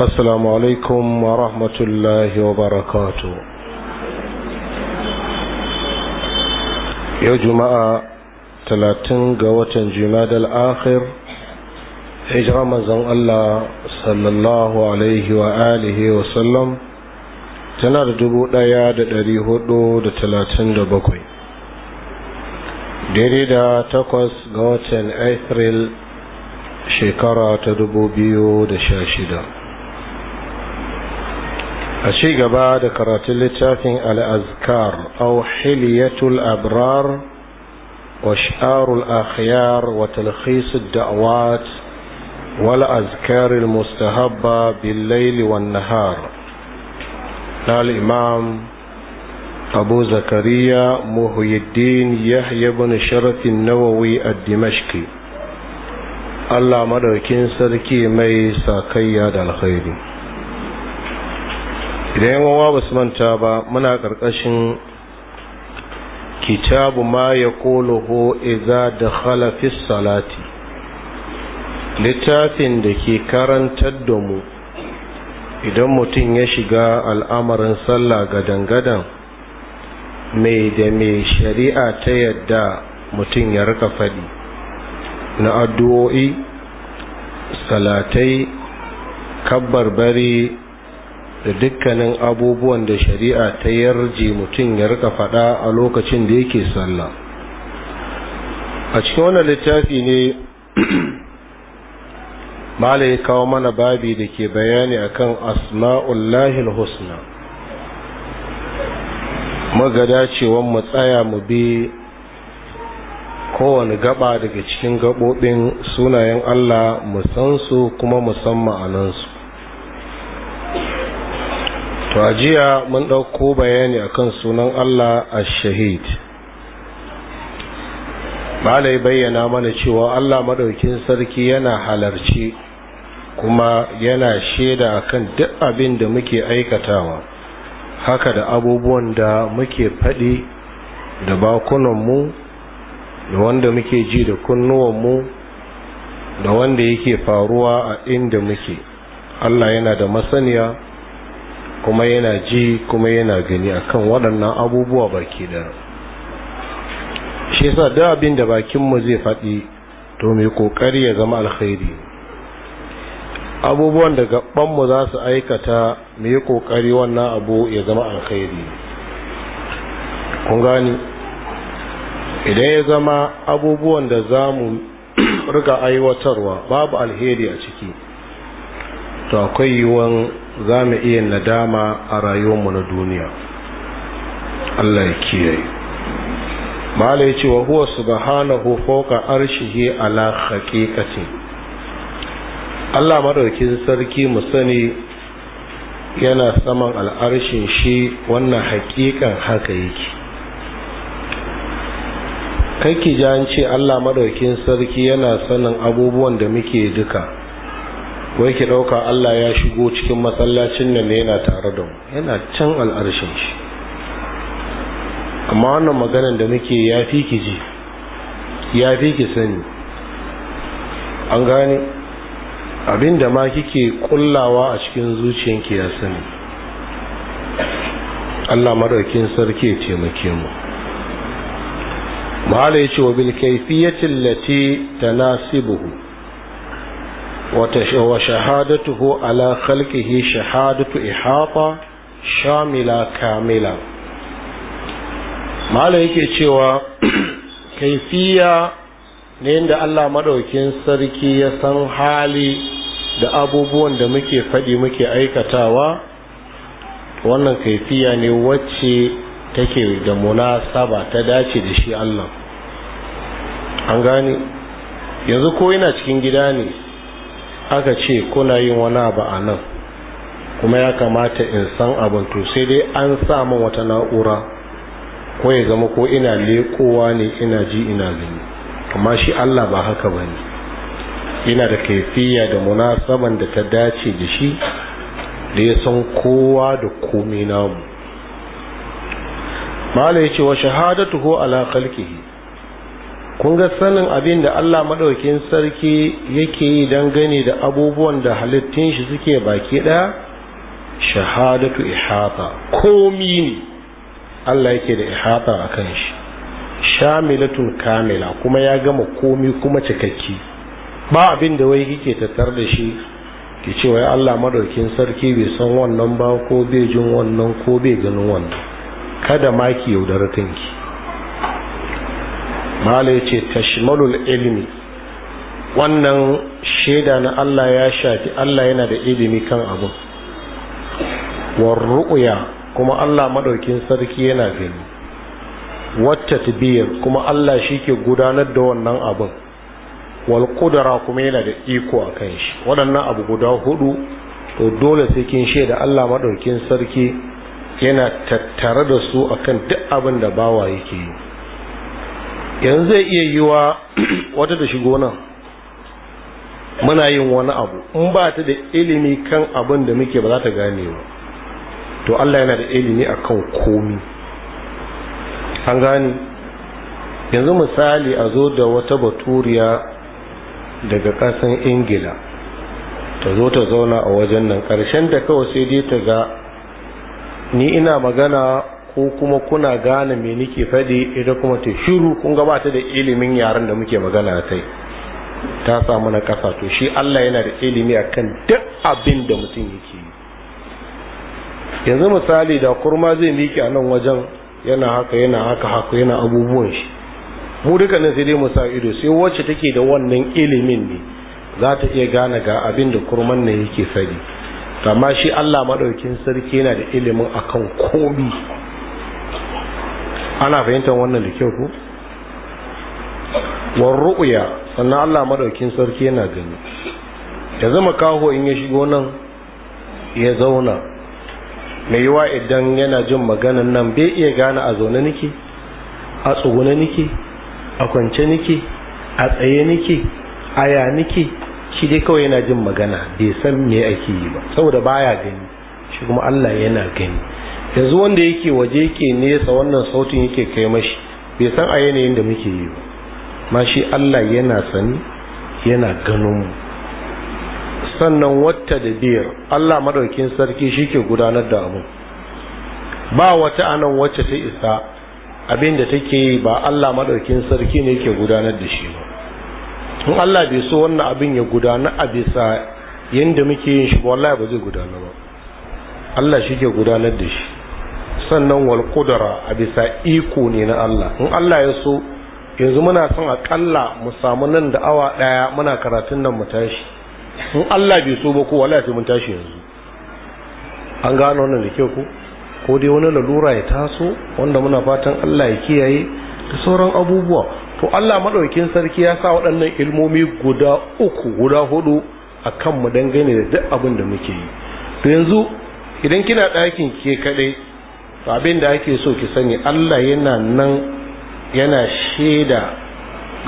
السلام عليكم ورحمة الله وبركاته يا جماعة تلاتين قوة جماد الآخر هجرة مزن الله صلى الله عليه وآله وسلم tana da dubu ɗaya da ɗari hudu da talatin da bakwai daidai da takwas ga watan Afril shekara ta dubu biyu da sha shida a ci gaba da karatun littafin al'azkar au hiliyatul abrar wa sha'arul akhyar wa talhisu da'awat wal azkaril mustahabba billaili wan nahar na imam abu zakariya muhyiddin yahya Bani sharafin nawawi a dimashki allah madaukin sarki mai sakayya da alkhairi idan yawan ba su manta ba muna ƙarƙashin kitabu ma ya koloho iza da halafis salati littafin da ke karantar da mu idan mutum ya shiga al'amarin sallah gadan-gadan mai da mai shari'a ta yadda mutum ya rika faɗi na addu'o'i salatai kabbar bari da dukkanin abubuwan da shari'a ta yarje mutum ya rika faɗa a lokacin da yake sallah a cikin wannan littafi ne mala ya kawo mana babi da ke bayani akan asma'ullahi husna magada cewan mu tsaya mu bi kowane gaba daga cikin gaɓoɓin sunayen Allah mu san su kuma musamman a to jiya mun ɗauko bayani akan sunan Allah ash-shahid malai bayyana mana cewa Allah maɗaukin sarki yana halarci kuma yana shaida akan duk abin da muke aikatawa haka da abubuwan da muke faɗi da bakunanmu da wanda muke ji da kunnuwanmu da wanda yake faruwa a inda muke Allah yana da masaniya kuma yana ji kuma yana gani akan waɗannan abubuwa baki da shi yasa da abin da bakinmu zai faɗi to mai ƙoƙari ya zama alkhairi abubuwan da gabanmu za su aikata mai ƙoƙari wannan abu ya zama alkhairi kun gani idan ya zama abubuwan da za mu riga aiwatarwa babu alheri a ciki to akwai yiwuwan za mu iya nadama a rayuwarmu na duniya Allah ya kiyaye mala ya ce wa huwa subhanahu fawqa arshihi ala haqiqati Allah madaukin sarki mu sani yana saman al'arshin shi wannan haƙiƙan haka yake kai ki ji ce Allah madaukin sarki yana sanin abubuwan da muke duka ko yake ɗauka Allah ya shigo cikin masallacin nan ne yana tare da mu yana can al'arshin shi amma wannan maganan da muke ya fi ki ji ya fi ki sani an gane abin da ma kike kullawa a cikin zuciyanki ya sani Allah madaukin sarki ya taimake mu mahala ya ce wa bil kaifiyatin lati tanasibuhu وشهادته على خلقه شهادة إحاطة شاملة كاملة ما عليك cewa kaifiya ne الله Allah maɗaukin sarki ya san hali da abubuwan da muke faɗi muke aikatawa wannan kaifiya ne wacce take da munasaba ta dace da shi Allah an gane yanzu ko ina cikin gida ne aka ce kuna yin wani abu a nan kuma ya kamata in san abin to sai dai an sa wata na'ura ko ya zama ko ina lekowa ne ina ji ina gani amma shi Allah ba haka ba ne Ina da kaifiya da munasaban da ta dace da shi da ya san kowa da komi namu Malam ya ce wa shahadatu ko kun ga sanin abin da Allah maɗaukin sarki yake yi dangane da abubuwan da halittun shi suke baki ɗaya shahadatu ihata komi ne Allah yake da ihata a kan shi shamilatun kamila kuma ya gama komi kuma cikakki ba abin da wai kike tattar da shi ki ce wai Allah maɗaukin sarki bai san wannan ba ko bai jin wannan ko bai ganin wannan kada ma ki yaudara kanki ta'ala ya ce tashmalul ilimi wannan shaida na Allah ya shafi Allah yana da ilimi kan abu warru'uya kuma Allah madaukin sarki yana gani wacce tibiyar kuma Allah shi ke gudanar da wannan abin wal kuma yana da iko a kan shi waɗannan abu guda hudu to dole sai kin shaida Allah madaukin sarki yana tattare da su akan duk abin da bawa yake yi yanzu zai iya yi wa wata da shigo nan muna yin wani abu in ba ta da ilimi kan abin da muke ba za ta gane ba to Allah yana da ilimi a kan komi an gane yanzu misali a zo da wata baturiya daga kasan ingila ta zo ta zauna a wajen nan ƙarshen da kawai sai dai ta ga ni ina magana ko kuma kuna gane me nake fadi, idan kuma ta shiru kun gabata da ilimin yaren da muke magana kai ta samu na kasa to shi Allah yana da ilimi akan duk abin da mutum yake yi yanzu misali da kurma zai miki a nan wajen yana haka yana haka haka yana abubuwan shi mu dukkanin sai dai mu sa ido sai wacce take da wannan ilimin ne za ta iya gane ga abin da kurman nan yake fadi. amma shi Allah madaukin sarki yana da ilimin akan komi ana fahimtar wannan da kyau ko war ru'ya sannan Allah madaukin sarki yana gani ya zama kaho in ya shigo nan ya zauna mai yiwa idan yana jin maganan nan bai iya gane a zaune nake a tsugune nake a kwance nake a tsaye nake a ya nake shi dai kawai yana jin magana bai san me ake yi ba saboda baya gani shi kuma Allah yana gani yanzu wanda yake waje yake nesa wannan sautin yake kai mashi bai san a yanayin da muke yi ba ma shi Allah yana sani yana ganin mu sannan wata da biyar Allah madaukin sarki shi ke gudanar da abu ba wata anan wacce ta isa abin da take yi ba Allah madaukin sarki ne ke gudanar da shi ba in Allah bai so wannan abin ya gudana a bisa yadda muke yin shi wallahi ba zai gudana ba Allah shi ke gudanar da shi sannan wal qudra a bisa iko ne na Allah in Allah ya so yanzu muna son akalla mu samu nan da awa daya muna karatun nan mu tashi in Allah bai so ba ko wallahi mun tashi yanzu an gano wannan da kyau ko ko dai wani lalura ya taso wanda muna fatan Allah ya kiyaye da sauran abubuwa to Allah madaukin sarki ya sa waɗannan ilmomi guda uku guda hudu a kan mu dangane da duk abin da muke yi to yanzu idan kina ɗakin ke kaɗai abin da ake so ki sani Allah yana nan yana shaida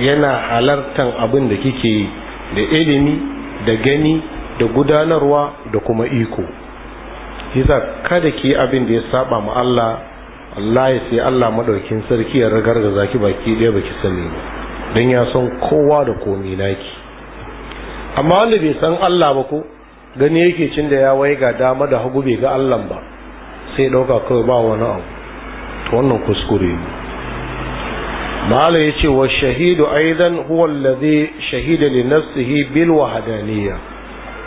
yana halartan abin da kike yi da ilimi da gani da gudanarwa da kuma iko yasa kada ki yi abin da ya saba mu Allah ya sai Allah madaukin sarki ya ragargaza zaki baki ɗaya baki sani ba dan ya san kowa da komai naki amma wanda bai san Allah ba ko gani yake cin da ya waiga dama da hagu bai ga Allah ba sai ɗauka kawai ba wani abu wannan kuskure ne mala ya ce wa shahidu aidan huwa shahida li nafsihi bil wahdaniyya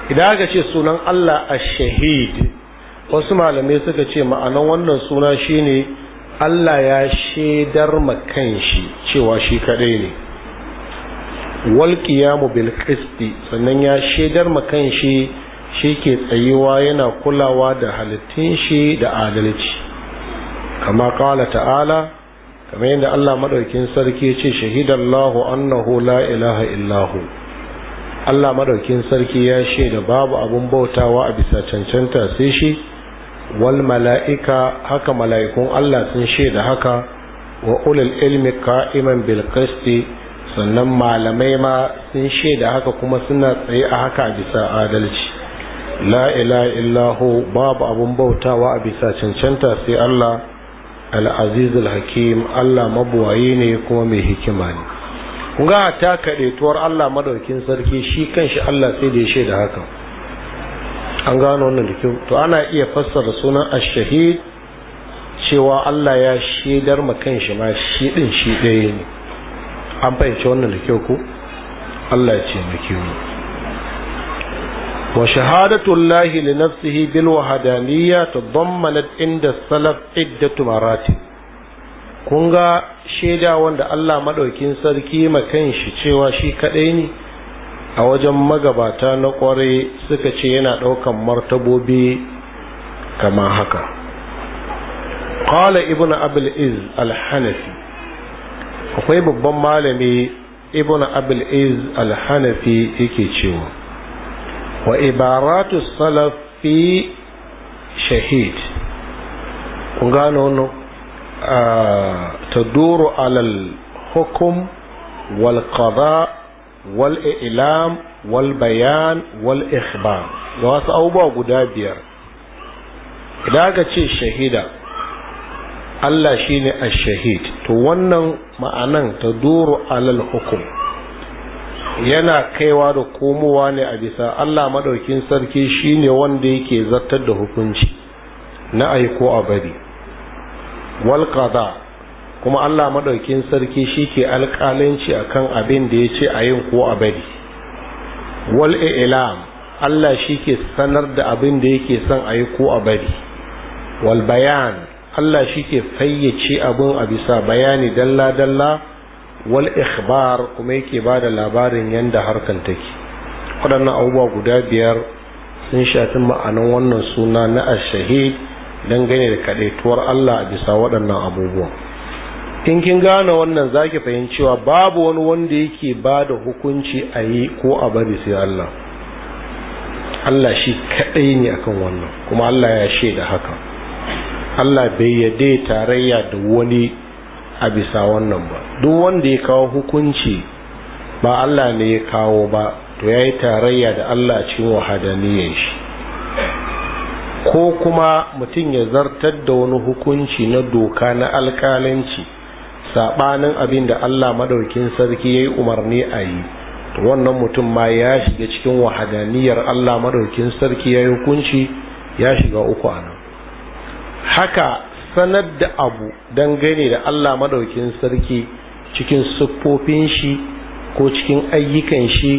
idan aka ce sunan Allah a shahid wasu malamai suka ce ma'anan wannan suna shine Allah ya shaidar makan shi cewa shi kadai ne wal qiyamu bil qisti sannan ya shaidar makan shi shi ke tsayuwa yana kulawa da halittun shi da adalci kama kawala ta'ala kamar yadda Allah maɗaukin sarki ce shahidallahu annahu la ilaha illahu Allah maɗaukin sarki ya da babu abun bautawa a bisa cancanta sai shi wal mala'ika haka mala'ikun Allah sun shaida haka wa ulul ilmi qa'iman bil qisti sannan malamai ma sun shaida haka kuma suna tsaye a haka bisa adalci la ilaha illahu babu abun bautawa a bisa cancanta sai Allah al-azizul hakim Allah mabuwaye ne kuma mai hikima ne kun ga ta kaɗaituwar Allah madaukin sarki shi kanshi Allah sai da ya shaida haka an gano wannan da to ana iya fassara sunan ash-shahid cewa Allah ya shaidar ma kanshi ma shi din shi ɗaya ne an fahimci wannan da kyau ko Allah ya ce mu وشهادة الله لنفسه بالوحدانية تضمنت عند السلف عدة kun ga shaida wanda Allah maɗaukin sarki makan shi cewa shi kaɗai ne a wajen magabata na ƙware suka ce yana ɗaukan martabobi kama haka qala ibn abul iz al-hanafi akwai babban malami ibn abul iz al-hanafi yake cewa wa ibaratu salafi shahid kun gano wannan taduru alal hukum wal qada wal i'lam wal bayan wal ikhbar da wasu abubuwa guda biyar idan aka ce shahida Allah shine ash-shahid to wannan ma'anan taduru alal hukum yana kaiwa da komowa ne a bisa Allah Maɗaukin sarki shine wanda yake zartar da hukunci na aiko a bari wal qada kuma Allah Maɗaukin sarki shike alƙalanci akan abin da yace a yin ko a bari wal ilam Allah shike sanar da abin da yake son a yi ko a bari wal bayan Allah shike fayyace abin a bisa bayani dalla dalla wal ikhbar kuma yake ba da labarin yadda harkan take waɗannan abubuwa guda biyar sun shafi ma'anan wannan suna na ashahid dangane da kaɗaituwar Allah a bisa waɗannan abubuwa in kin gane wannan zaki fahimcewa babu wani wanda yake ba da hukunci a yi ko a bari sai Allah Allah shi kaɗai ne akan wannan kuma Allah ya shaida haka Allah bai yadda tarayya da wani a bisa wannan ba duk wanda ya kawo hukunci ba Allah ne ya kawo ba to ya yi tarayya da Allah cikin wahadaniyar shi ko kuma mutum ya zartar da wani hukunci na doka na alkalanci saɓanin abin da Allah maɗaukin sarki ya yi umarni a yi to wannan mutum ma ya shiga cikin wahadaniyar Allah maɗaukin sarki ya yi hukunci ya shiga uku a nan haka sanar da abu dangane da Allah maɗaukin sarki cikin siffofin shi ko cikin ayyukan shi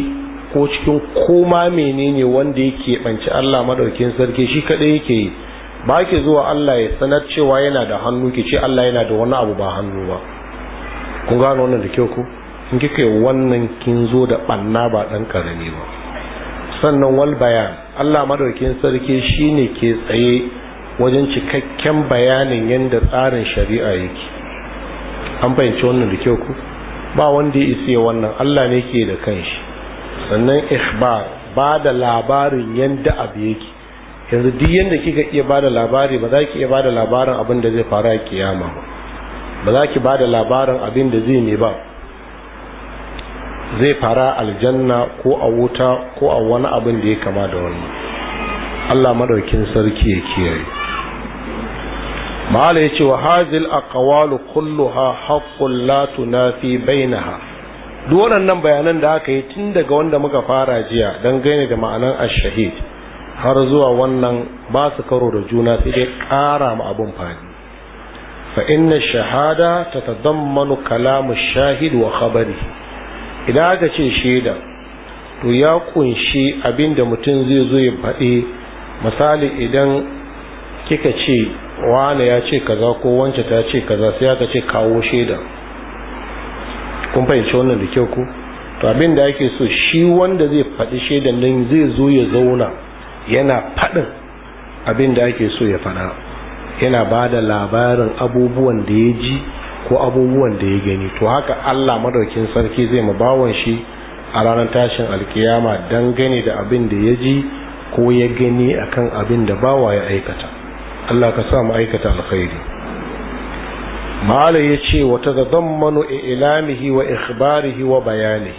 ko cikin koma menene wanda yake banci Allah madaukin sarki shi kadai yake yi ba ke zuwa Allah ya sanar cewa yana da hannu ki ce Allah yana da wani abu ba hannu ba kun gano wannan da kyau ku in kika yi wannan kin zo da banna ba dan karami ba sannan wal bayan Allah madaukin sarki shine ke tsaye wajen cikakken bayanin yadda tsarin shari'a yake an fahimci wannan da kyau ku ba wanda ya isa wannan Allah ne ke da kanshi sannan ikhbar ba da labarin yanda abu yake yanzu duk yanda kika iya ba da labari ba za ki iya ba da labarin abin da zai faru a kiyama ba ba za ki ba da labarin abin da zai ne ba zai fara aljanna ko a wuta ko a wani abin da ya kama da wannan Allah madaukin sarki ya kiyaye mahala yace wa hazil aqwalu kulluha haqqul la tunafi bainaha duk waɗannan bayanan da aka yi tun daga wanda muka fara jiya don gane da ma'anan ashahid har zuwa wannan ba su karo da juna sai dai ƙara ma abun fadi fa inna shahada tatadammanu kalamu shahid wa khabari idan aka ce shaida to ya kunshi abin da mutum zai zo ya faɗi misali idan kika ce wane ya ce kaza ko wance ta ce kaza sai aka ce kawo shaida kun fahimci wannan da kyau ku to abin da ake so shi wanda zai faɗi shaida nan zai zo ya zauna yana faɗin abin da ake so ya faɗa yana ba da labarin abubuwan da ya ji ko abubuwan da ya gani to haka allah madaukin sarki zai ma bawan shi a ranar tashin alkiyama dangane da abin da ya ji ko ya gani akan abin da bawa ya aikata Allah ka sa mu aikata alkhairi ma'ala ya ce wata ta zazammanu ilamihi wa ikhbarihi wa bayani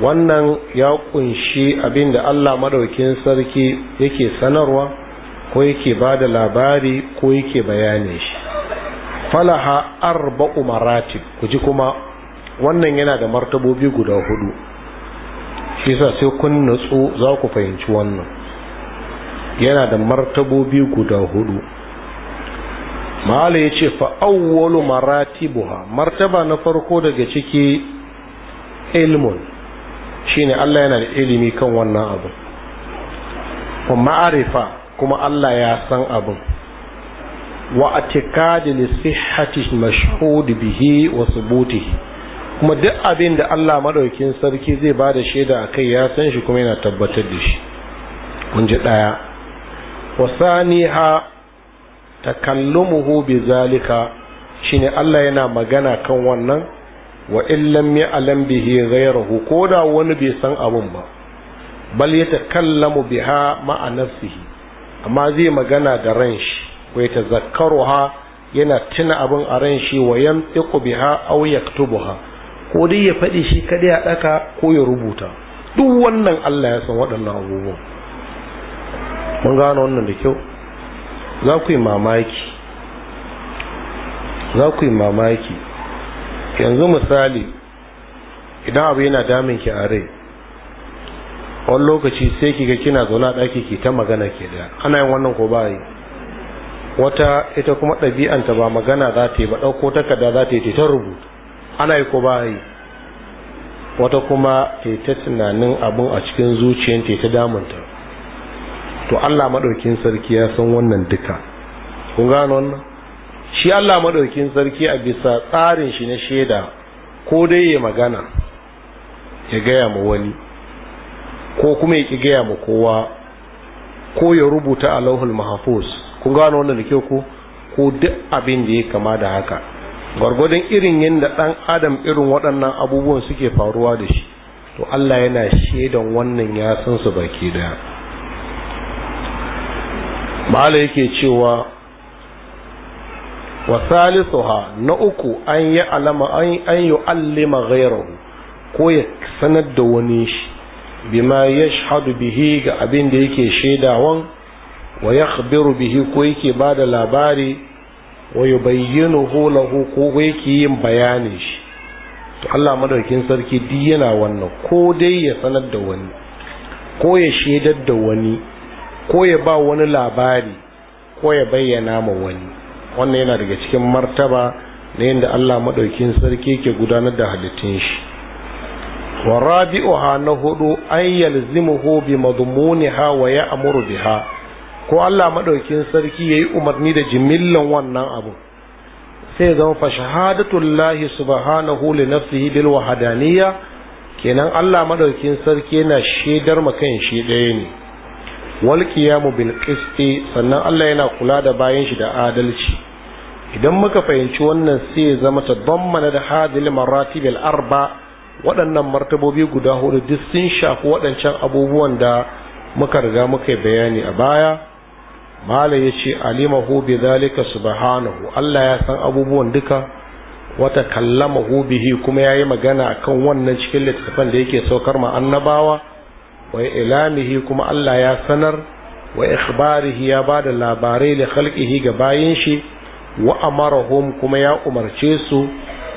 wannan ya kunshi abin da Allah madaukin sarki yake sanarwa ko yake ba da labari ko yake bayani shi falaha arba'u maratib ku ji kuma wannan yana da martabobi guda hudu shi sa sai kun nutsu za ku fahimci wannan yana da martabobi guda hudu mala ya ce fa'awwalu buha? martaba na farko daga ciki ilmun shine Allah yana da ilimi kan wannan abin wa ma'arifa kuma Allah ya san abin wa atikadi li sihhati mashhud bihi wa thubutihi kuma duk abin da Allah maɗaukin sarki zai ba da shaida a kai ya san shi kuma yana tabbatar da shi mun ji daya wasaniha takallumuhu bi zalika shine Allah yana magana kan wannan wa in lam ya'lam bihi ghayruhu koda wani bai san abun ba bal mu biha ma'a nafsihi amma zai magana da ran shi wa yatazakkaruha yana tuna abin a ran shi wa yamtiqu biha aw yaktubuha ko dai ya faɗi shi kada ya daka ko ya rubuta duk wannan Allah ya san waɗannan abubuwan mun gano wannan da kyau za ku yi mamaki za ku yi mamaki yanzu misali idan abu yana damin ki a rai wani lokaci sai kika kina zaune a ɗaki ki ta magana ke da ana yin wannan ko ba yi wata ita kuma ɗabi'anta ba magana za ta yi ba ɗauko takarda za ta yi ta rubuta ana yi ko ba yi wata kuma ta ta tunanin abin a cikin zuciyanta ta damunta to Allah madaukin sarki ya san wannan duka kun gano wannan shi Allah madaukin sarki a bisa tsarin shi na shaida ko dai ya magana ya gaya ma wani ko kuma ya ki gaya ma kowa ko ya rubuta a lauhul mahafuz kun gano wannan da kyau ko ko duk abin da ya kama da haka gwargwadon irin yadda ɗan adam irin waɗannan abubuwan suke faruwa da shi to Allah yana shaidan wannan ya san su baki daya mala yake cewa wa salisuha na uku an yi alama an yi allima ghairahu ko ya sanar da wani shi bima shahadu bihi ga abin da yake shaidawan wa ya yakhbiru bihi ko yake ba da labari wa hula lahu ko yake yin bayanin shi to Allah madaukin sarki duk yana wannan ko dai ya sanar da wani ko ya shaidar da wani ko ya ba wani labari ko ya bayyana ma wani wannan yana daga cikin martaba na yadda Allah maɗaukin sarki ke gudanar da halittun shi wa rabi'uha na hudu an yalzimuhu bi madmuniha wa ya'muru biha ko Allah maɗaukin sarki yayi umarni da jimillan wannan abu sai zama fa shahadatullahi subhanahu li nafsihi bil wahdaniyya kenan Allah maɗaukin sarki yana shaidar ma kan shi ɗaya ne wal qiyamu bil qisti sannan Allah yana kula da bayan shi da adalci idan muka fahimci wannan sai ya zama dammana da hadil maratib al arba waɗannan martabobi guda hudu duk sun shafi waɗancan abubuwan da muka riga muka bayani a baya mala ya ce alimahu bi zalika subhanahu Allah ya san abubuwan duka wata kallama bihi kuma ya yi magana akan wannan cikin littafin da yake saukar ma annabawa wa ilamihi kuma Allah ya sanar wa ikhbarihi ya ba da labarai da khalqihi ga bayin shi wa amarahum kuma ya umarce su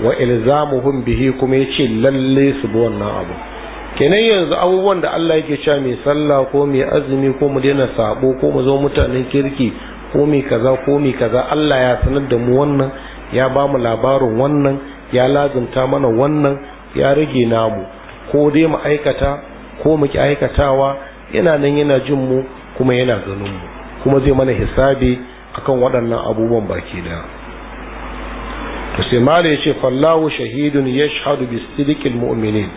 wa ilzamuhum bihi kuma ya ce lalle su bi wannan abu kenan yanzu abubuwan da Allah yake cewa mai sallah ko mai azumi ko mu daina sabo ko mu zo mutanen kirki ko mai kaza ko mai kaza Allah ya sanar da mu wannan ya ba mu labarin wannan ya lazimta mana wannan ya rage namu ko dai mu aikata ko mu aikatawa yana nan yana jin mu kuma yana ganin mu kuma zai mana hisabi akan waɗannan abubuwan baki da to sai mala yace fallahu shahidun yashhadu bi sidqil mu'minin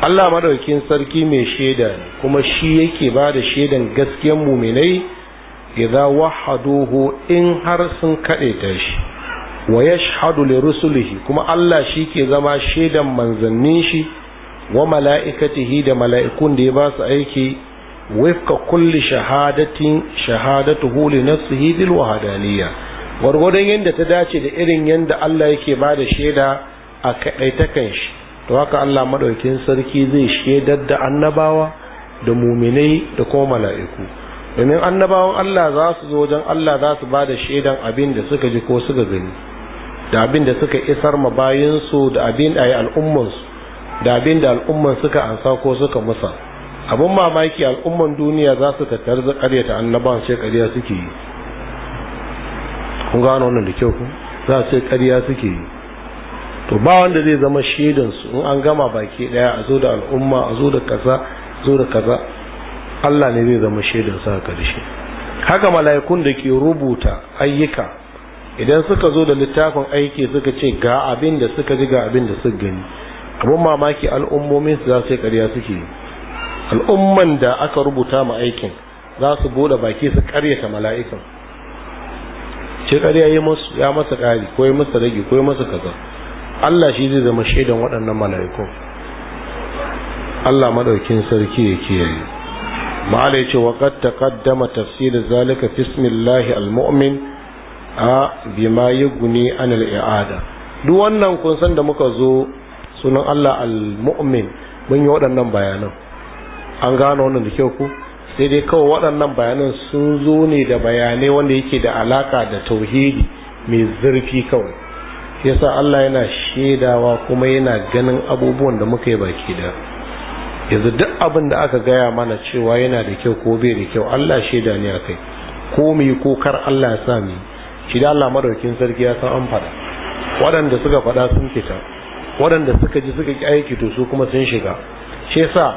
Allah madaukin sarki mai shaida kuma shi yake ba da shaidan gaskiyan muminai idza wahaduhu in har sun kade ta shi wa yashhadu li rusulihi kuma Allah shi ke zama shaidan manzannin shi wa mala'ikatihi da mala'ikun da ya ba su aiki wifka kulli shahadatin shahadatu huli na su hidil wahdaniyya gwargwadon yadda ta dace da irin yadda Allah yake ba da shaida a kan shi to haka Allah maɗaukin sarki zai shaidar da annabawa da muminai da kuma mala'iku domin annabawan Allah za su zo wajen Allah za su ba da shaidan abin da suka ji ko suka gani da abin da suka isar ma bayansu da abin a yi al'ummansu da abin da al'umman suka ansa ko suka musa abin mamaki al'umman duniya za su tattar da karyata annaban ce karya suke yi kun gano wannan da kyau ku za su ce karya suke yi to ba wanda zai zama shaidan su in an gama baki daya a zo da al'umma a zo da kaza zo da kaza Allah ne zai zama shaidan a karshe haka mala'ikun da ke rubuta ayyuka idan suka zo da littafin aiki suka ce ga abin da suka ji ga abin da suka gani abin mamaki al'ummomin su za su yi ƙarya suke al'umman da aka rubuta ma aikin za su bude baki su ƙaryata mala'ikan ce ƙarya yi musu ya masa ƙari ko ya masa rage ko ya masa kaza Allah shi zai zama shaidan waɗannan mala'ikun Allah madaukin sarki ya kiyaye ma'ala yace wa qad taqaddama tafsir zalika bismillahi almu'min a bima yughni an al-i'ada duk wannan kun san da muka zo sunan Allah al-mu'min mun yi waɗannan bayanan an gano wannan da kyau ku sai dai kawai waɗannan bayanan sun zo ne da bayanai wanda yake da alaka da tauhidi mai zurfi kawai yasa Allah yana shaidawa kuma yana ganin abubuwan da muka yi baki da yanzu duk abin da aka gaya mana cewa yana da kyau ko bai da kyau Allah shaida ne akai ko mu yi ko kar Allah ya sa mu shi da Allah madaukin sarki ya san an faɗa waɗanda suka faɗa sun fita waɗanda suka ji suka ƙi aiki to su kuma sun shiga shi sa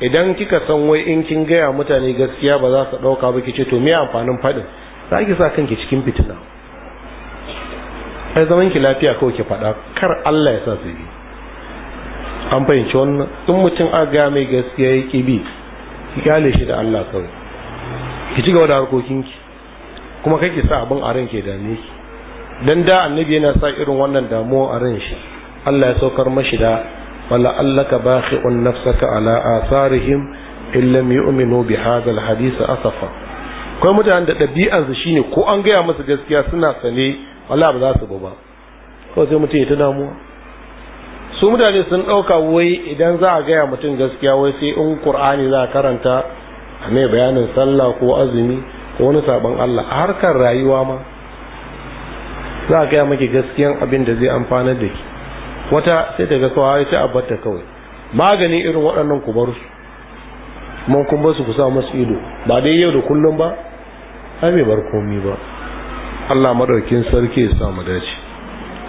idan kika san wai in kin gaya mutane gaskiya ba za su ɗauka ba kice to me amfanin faɗin za ki sa kanki cikin fitina ai zaman ki lafiya kawai ki faɗa kar Allah ya sa su yi an fahimci wannan in mutum a gaya mai gaskiya ya ki bi ki kyale shi da Allah kawai ki ci gaba da harkokinki kuma kai ki sa abin a ran ke dame dan da annabi yana sa irin wannan damuwa a ran shi Allah ya saukar mashi da wala allaka bakhi'un nafsaka ala atharihim in yu'minu bi hadha asafa kai mutanen da ɗabi'ansu shine ko an gaya musu gaskiya suna sane wala ba za su ba ko sai mutum ya ta damuwa su mutane sun ɗauka wai idan za a gaya mutum gaskiya wai sai in qur'ani za a karanta a mai bayanin sallah ko azumi ko wani sabon Allah a harkar rayuwa ma za a gaya maki gaskiyan abin da zai amfanar da ki wata sai ta ga kawai ta abarta kawai magani irin waɗannan ku bar su kuma su ku sa masu ido ba dai yau da kullum ba ai bai bar komi ba Allah madaukin sarki ya sa mu dace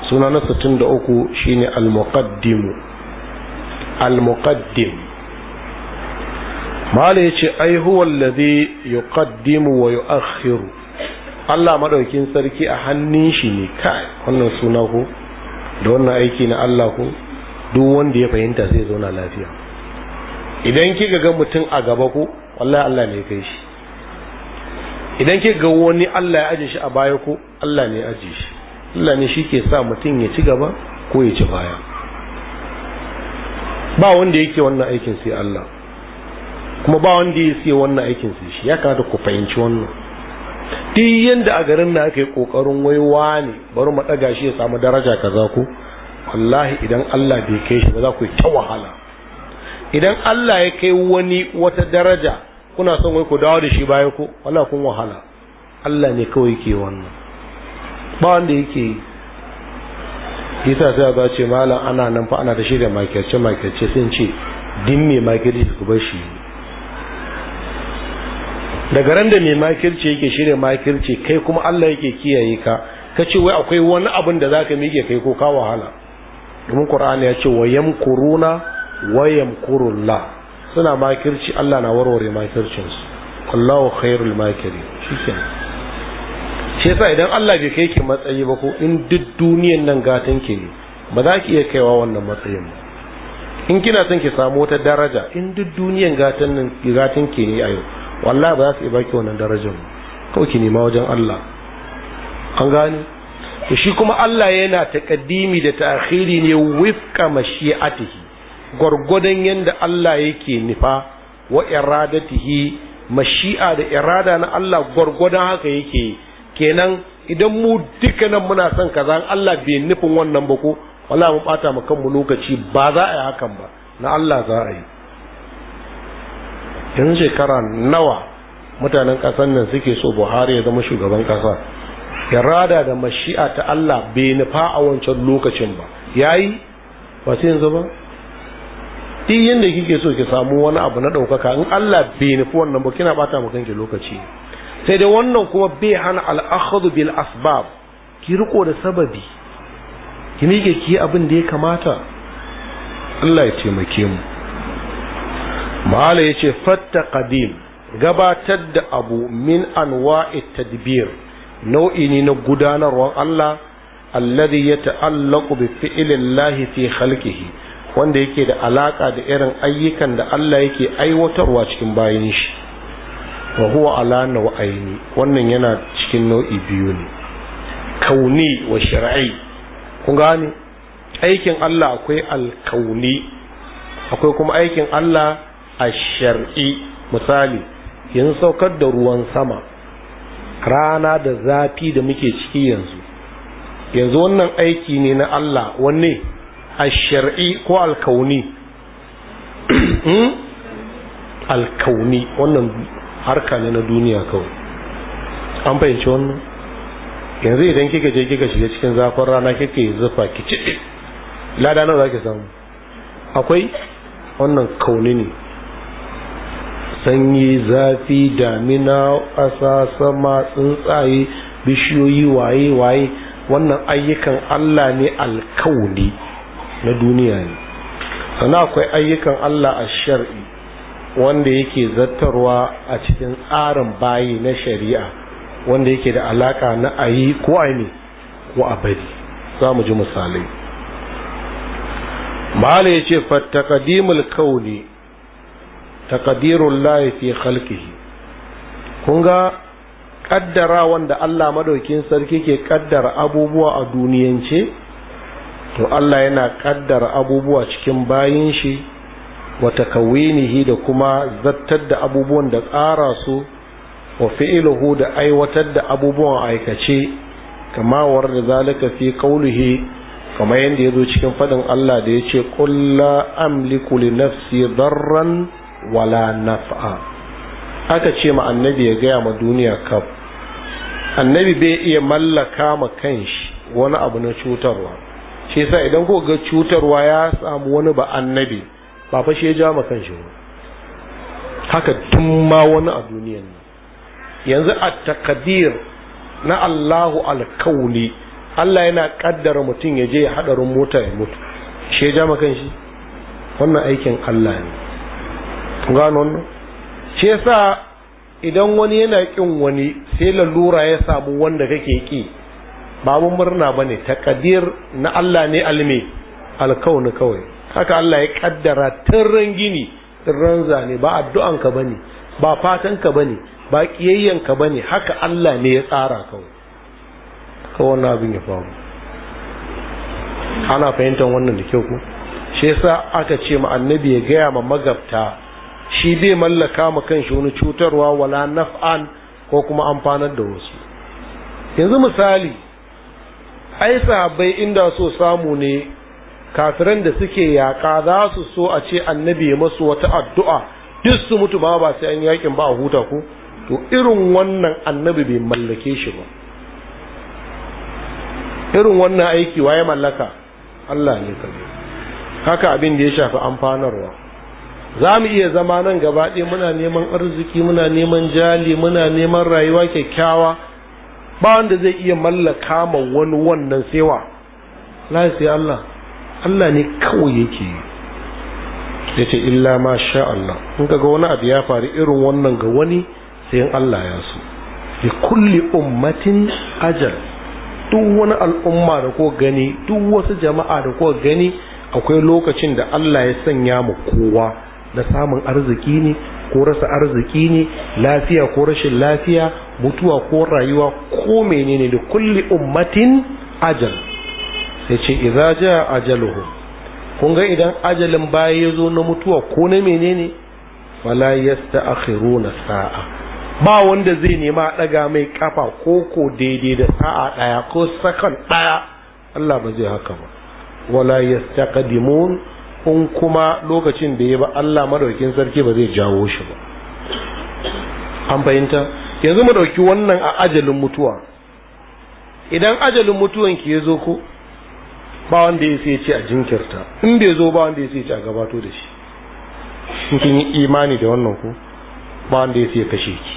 suna na 63 shine al-muqaddim al-muqaddim mala yace ai huwa alladhi yuqaddimu wa yu'akhiru Allah maɗaukin sarki a hannun shi ne kai wannan suna ko da wannan aiki na Allah ko duk wanda ya fahimta zai zauna na lafiya idan kika ga mutum a gaba ko wallahi Allah ne ya kai shi idan kika ga wani Allah ya aje shi a baya ko Allah ne ya aje shi Allah ne shi ke sa mutum ya ci gaba ko ya ci baya ba wanda yake wannan aikin sai Allah kuma ba wanda ya sai wannan aikin sai shi ya kamata ku fahimci wannan duk yanda a garin na ake kokarin waiwa ne bari mu daga shi ya samu daraja kaza ko wallahi idan Allah bai kai shi ba za ku yi ta wahala idan Allah ya kai wani wata daraja kuna son wai ku dawo da shi baya ku wallahi kun wahala Allah ne kawai yake wannan ba wanda yake yi Kisa sai ba ce malam ana nan fa ana da shirya makiyace makirce sun ce din me makirce ku bar shi daga ran da mai makirci yake shirya makirci kai kuma Allah yake kiyaye ka ka ce wai akwai wani abin da zaka mike kai ko ka wahala domin Qur'ani ya ce wa yamkuruna wa la suna makirci Allah na warware makircin su Allahu khairul makiri shikenan shi yasa idan Allah bai kai ki matsayi ba ko in duk duniyar nan gatan ke ne ba za ki iya kaiwa wannan matsayin in kina son ki samu wata daraja in duk duniyar gatan nan gatan ne a yau wallahi ba za su iya ke wannan darajar kawai ki nema wajen Allah an gane to shi kuma Allah yana taqaddimi da ta'khiri ne wifqa mashi'atihi gwargwadon yanda Allah yake nufa wa iradatihi mashi'a da irada na Allah gwargwadon haka yake kenan idan mu dukkanin muna son kaza Allah bai nufin wannan ba ko wallahi mu bata mu kanmu lokaci ba za a yi hakan ba na Allah za a yi Yan shekara nawa mutanen kasar nan suke so buhari ya zama shugaban ƙasa yarada da mashi'a ta allah bai nufa a wancan lokacin ba ya ba sai yanzu ba ɗin yadda kike so ki samu wani abu na ɗaukaka in allah bai nufi wannan ba kina bata mu kanki lokaci sai dai wannan kuma bai hana al'akhadu bil asbab ki riko da sababi ki mike ki abin da ya kamata Allah ya taimake mu ma'ala ya ce fatta qadim gabatar da abu min anwa'i tadbir nau'i ne na gudanarwar Allah alladhi ya ta'allaqu bi fi'lillahi fi khalqihi wanda yake da alaka da irin ayyukan da Allah yake aiwatarwa cikin bayin shi wa huwa ala nau'aini wannan yana cikin nau'i biyu ne kauni wa shar'i kun gane aikin Allah akwai alkauni akwai kuma aikin Allah ashar'i misali yanzu saukar da ruwan sama rana da zafi da muke ciki yanzu yanzu wannan aiki ne na Allah wanne ashar'i ko alkauni kauni wannan harka ne na duniya kawai an fahimci wannan yanzu idan kika je kika shiga cikin zafin rana kika zufa ki ci lada nawa zaki samu akwai wannan kauni ne sanyi zafi damina ƙasa sama tsuntsaye bishiyoyi waye waye wannan ayyukan Allah ne alkauni na duniya ne sannan akwai ayyukan Allah a shar'i wanda yake zartarwa a cikin tsarin bayi na shari'a wanda yake da alaka na ayi ko aini ko abadi za mu ji misalai mahala ya ce fattakadimul kauni taqdirullahi fi khalqihi kun ga kaddara wanda Allah maɗaukin sarki ke ƙaddara abubuwa a duniyance to Allah yana ƙaddara abubuwa cikin bayin shi wa takawinihi da kuma zattar da abubuwan da tsara su wa fi'iluhu da aiwatar da abubuwan aikace kama warda zalika fi qawlihi kamar yadda ya zo cikin fadin Allah da ya ce qul la amliku li nafsi darran wala naf'a aka ce ma annabi ya gaya ma duniya kaf annabi bai iya mallaka ma kanshi wani abu na cutarwa shi yasa idan ko ga cutarwa ya samu wani ba annabi ba fa shi ya ja ma kanshi ba haka tun ma wani a duniyan nan yanzu at na Allahu alkauni Allah yana kaddara mutum ya je hadarin mota ya mutu shi ya ja ma kanshi wannan aikin Allah ne gano wannan shi yasa idan wani yana kin wani sai lalura ya samu wanda kake ki babu murna bane takadir na Allah ne alme alkauni kawai haka Allah ya kaddara tun gini tun zane ba addu'an ka bane ba fatan ka bane ba kiyayyan ka bane haka Allah ne ya tsara kawai kawai wannan abin ya faru ana fahimtar wannan da kyau ko shi yasa aka ce ma annabi ya gaya ma magabta shi bai mallaka ma kanshi wani cutarwa wala naf'an ko kuma amfanar da wasu yanzu misali ai sahabbai inda so samu ne kafiran da suke yaƙa za su so a ce annabi ya masu wata addu'a duk su mutu ba ba sai an yakin ba a huta ko to irin wannan annabi bai mallake shi ba irin wannan aiki waye mallaka Allah ne kaje haka abin da ya shafi amfanarwa za mu iya zama nan gaba ɗaya muna neman arziki muna neman jali muna neman rayuwa kyakkyawa ba wanda zai iya mallaka ma wani wannan sewa lai sai Allah Allah ne kawai yake yi yace illa ma sha Allah in ga wani abu ya faru irin wannan ga wani sai in Allah ya so li kulli ummatin ajal duk wani al'umma da ko gani duk wasu jama'a da ko gani akwai lokacin da Allah ya sanya mu kowa Da samun arziki ne ko rasa arziki ne lafiya ko rashin lafiya mutuwa ko rayuwa ko menene da kulli ummatin ajal sai ce idza jaa ajaluhu kun ga idan ajalin baya ya zo na mutuwa ko na menene fala yasta'khiruna sa'a ba wanda zai nema a daga mai kafa ko ko daidai da sa'a daya ko sakan daya Allah ba zai haka ba wala yastaqdimun in kuma lokacin da ya ba Allah madaukin sarki ba zai jawo shi ba an fahimta yanzu mu dauki wannan a ajalin mutuwa idan ajalin mutuwan ki ya zo ko ba wanda ya sai ce a jinkirta in bai zo ba wanda ya sai ce a gabato da shi kin yi imani da wannan ko ba wanda ya sai kashe ki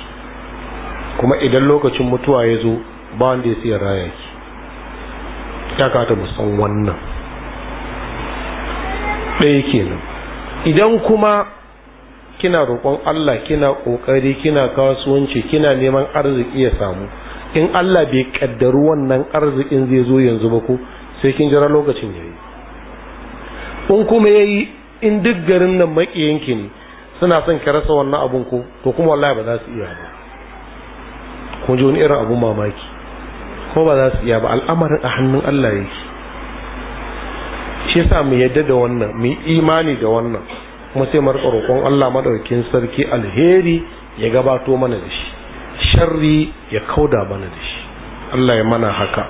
kuma idan lokacin mutuwa ya zo ba wanda ya sai raya ki ya kata musan wannan ɗaya kenan idan kuma kina roƙon Allah kina ƙoƙari kina kasuwanci kina neman arziki ya samu in Allah bai ƙaddaru wannan arzikin zai zo yanzu ba ko sai kin jira lokacin yayi in kuma yayi in duk garin nan maƙiyanki ne suna son ki rasa wannan abun ko to kuma wallahi ba za su iya ba kun ji wani irin abun mamaki ko ba za su iya ba al'amarin a hannun Allah yake shi sa mu yadda da wannan mu imani da wannan kuma sai mu rika roƙon Allah madaukakin sarki alheri ya gabato mana da shi sharri ya kauda mana da shi Allah ya mana haka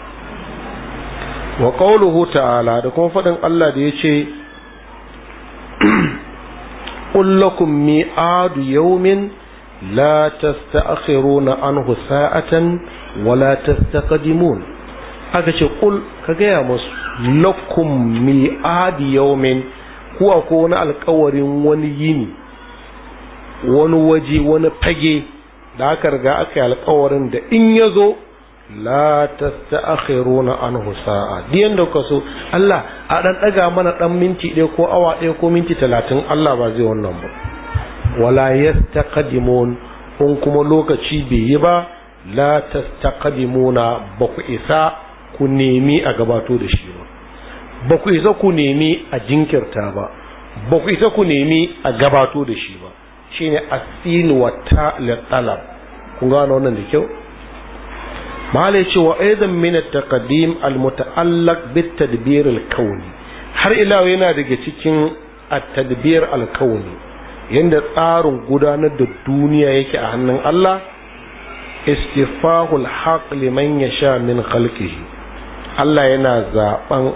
wa qawluhu ta'ala da kuma fadin Allah da yace قل لكم ميعاد يوم لا تستأخرون عنه ساعة ولا tastaqdimun aka ce kul ka gaya musu lakum mi'adi yawmin kuwa ko wani alkawarin wani yini wani waje wani fage da aka riga aka yi alkawarin da in ya zo la tasta'khiruna anhu sa'a diyan da kaso Allah a ɗan ɗaga mana ɗan minti ɗaya ko awa ɗaya ko minti talatin Allah ba zai wannan ba wala yastaqdimun kun kuma lokaci bai yi ba la tastaqdimuna ba ku isa ku nemi a gabato da shi ba ba ku isa ku nemi a jinkirta ba ba ku isa ku nemi a gabato da shi ba shine tsini wa ta talab ku gano wannan da kyau malai ce wa aidan ta taqdim al bit tadbir al har ilawa yana daga cikin a tadbir al yanda tsarin gudanar da duniya yake a hannun Allah istifahul haq liman yasha min khalqihi Allah yana zaben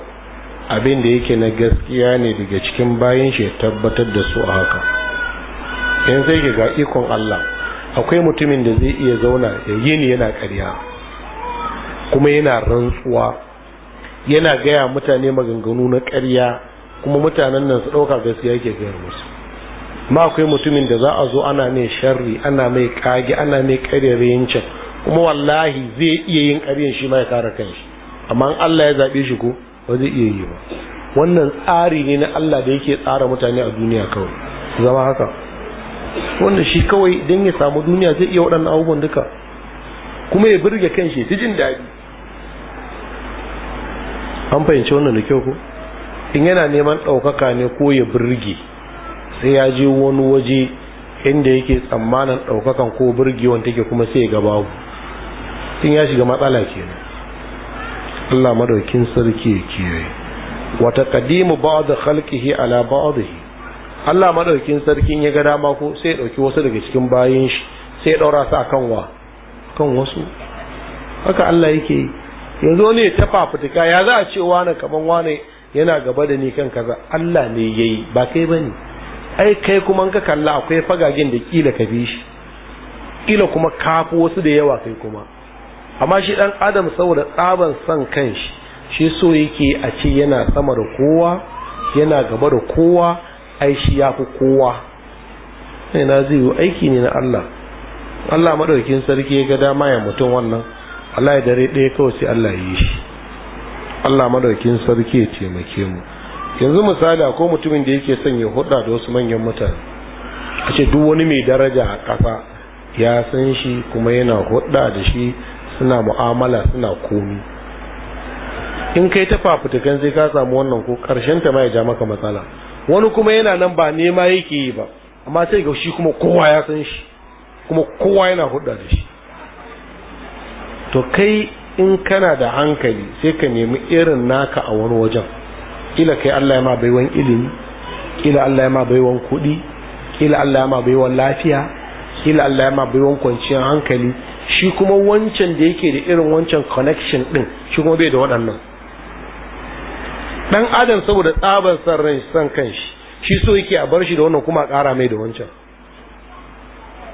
abin da yake na gaskiya ne daga cikin bayan shi tabbatar da su a haka in sai ke ga ikon Allah akwai mutumin da zai iya zauna da yini yana karya kuma yana rantsuwa yana gaya mutane maganganu na karya kuma mutanen nan su ɗauka gaskiya yake gayar musu ma akwai mutumin da za a zo ana mai sharri ana mai kage ana mai karyar yancin kuma wallahi zai iya yin ƙaryan shi ma ya kare kanshi amma Allah ya zaɓe shi ko ba zai iya yi ba wannan tsari ne na Allah da yake tsara mutane a duniya kawai zama haka wanda shi kawai don ya samu duniya zai iya waɗannan abubuwan duka kuma ya birge kan shi ta jin daɗi an fahimci wannan da kyau ko in yana neman ɗaukaka ne ko ya birge sai ya je wani waje inda yake tsammanin ɗaukakan ko birgewan take kuma sai ya gaba in ya shiga matsala kenan Allah madaukin sarki ya kiyaye wa taqdimu ba'd khalqihi ala ba'dihi Allah madaukin sarkin ya ga dama ko sai ya dauki wasu daga cikin bayin shi sai ya daura su akan wa kan wasu haka Allah yake yi yanzu wani ya tafa fitika ya za a ce wani kaman wani yana gaba da ni kan kaza Allah ne ya yi ba kai ba ne ai kai kuma ka kalla akwai fagagen da kila ka bi shi kila kuma kafu wasu da yawa kai kuma amma shi ɗan adam saboda tsaban son kan shi so yake a ce yana sama da kowa yana gaba da kowa ai shi ya fi kowa sai na zai aiki ne na Allah Allah madaukin sarki ya ga dama ya mutum wannan Allah ya dare ɗaya kawai sai Allah ya yi shi Allah madaukin sarki ya taimake mu yanzu misali ko mutumin da yake son ya hudda da wasu manyan mutane a ce duk wani mai daraja a ƙasa ya san shi kuma yana hudda da shi suna mu'amala suna komi in kai ta fafutukan sai ka samu wannan ko karshen ta ma ya ja maka matsala wani kuma yana nan ba nema yake yi ba amma sai ga shi kuma kowa ya san shi kuma kowa yana hudda da shi to kai in kana da hankali sai ka nemi irin naka a wani wajen kila kai Allah ya ma wani ilimi kila Allah ya ma wani kuɗi kila Allah ya ma wani lafiya kila Allah ya ma wani kwanciyar hankali shi kuma wancan da yake da irin wancan connection din shi kuma bai da waɗannan dan adam saboda tsaban san ran san kanshi shi so yake a bar shi da wannan kuma a ƙara mai da wancan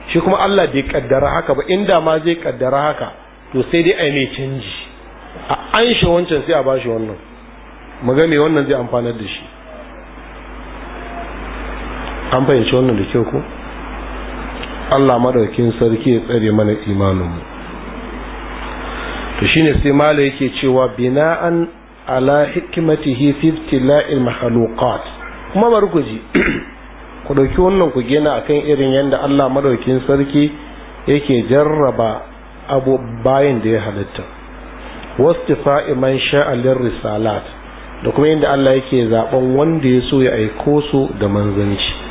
shi kuma Allah bai kaddara haka ba inda ma zai kaddara haka to sai dai ai mai canji a an shi wancan sai a ba shi wannan magani me wannan zai amfanar da shi an fahimci wannan da kyau ko Allah madaukin sarki ya tsare mana imaninmu to shine sai mala yake cewa bina'an ala hikmatihi fi ibtila'il mahluqat kuma barkuji ku dauki wannan ku gina akan irin yanda Allah madaukin sarki yake jarraba abu bayin da ya halitta wastifa man sha'a risalat da kuma inda Allah yake zaben wanda ya so ya aiko su da manzanci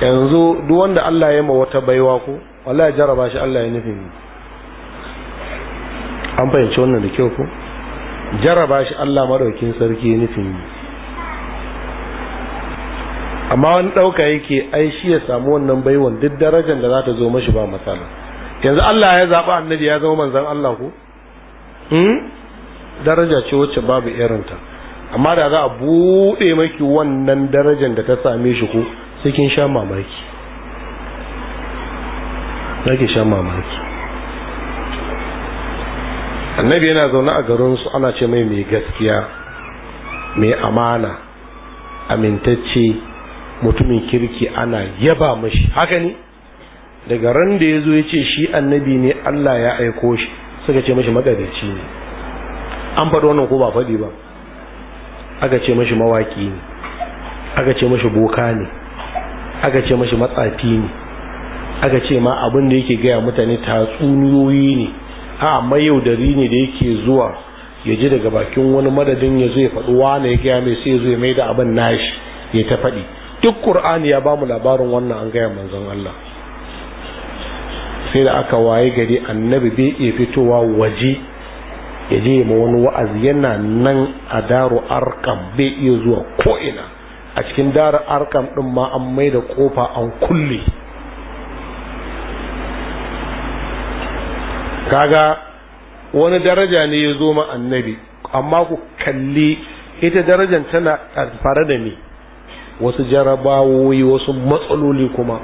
yanzu duk wanda Allah ya ma wata baiwa ko wallahi jaraba shi Allah ya nufi an fahimci wannan da kyau ko jaraba shi Allah madaukin sarki ya nufi amma wani ɗauka yake ai shi ya samu wannan baiwan duk darajar da za ta zo mashi ba matsala yanzu Allah ya zaɓa annabi ya zama manzan Allah ko hmm? daraja ce wacce babu irinta amma da za a buɗe maki wannan darajar da ta same shi ko sai kin sha mamaki za sha mamaki annabi yana zaune a garinsu ana ce mai mai gaskiya mai amana amintacce mutumin kirki ana yaba mashi haka ne daga ran da ya zo ya ce shi annabi ne allah ya aiko shi suka ce mashi magadaci ne an faɗi wannan ko ba faɗi ba aka ce mashi mawaki ne aka ce mashi boka ne aka ce mashi matsafi ne aka ce ma abin da yake gaya mutane tatsuniyoyi ne a dari ne da yake zuwa ya ji daga bakin wani madadin ya zo ya faɗi wane ya gaya mai sai ya zo ya mai da abin nashi ya ta faɗi duk ƙur'ani ya bamu labarin wannan an gaya manzon Allah sai da aka waye gari annabi bai iya fitowa waje ya je ma wani wa'azi yana nan a daro arkam bai iya zuwa ko ina. a cikin darar arkam ɗin ma an mai da ƙofa an kulle kaga wani daraja ne ya zo ma annabi amma ku kalli ita darajar tana ƙarfare da ni wasu jarabawoyi wasu matsaloli kuma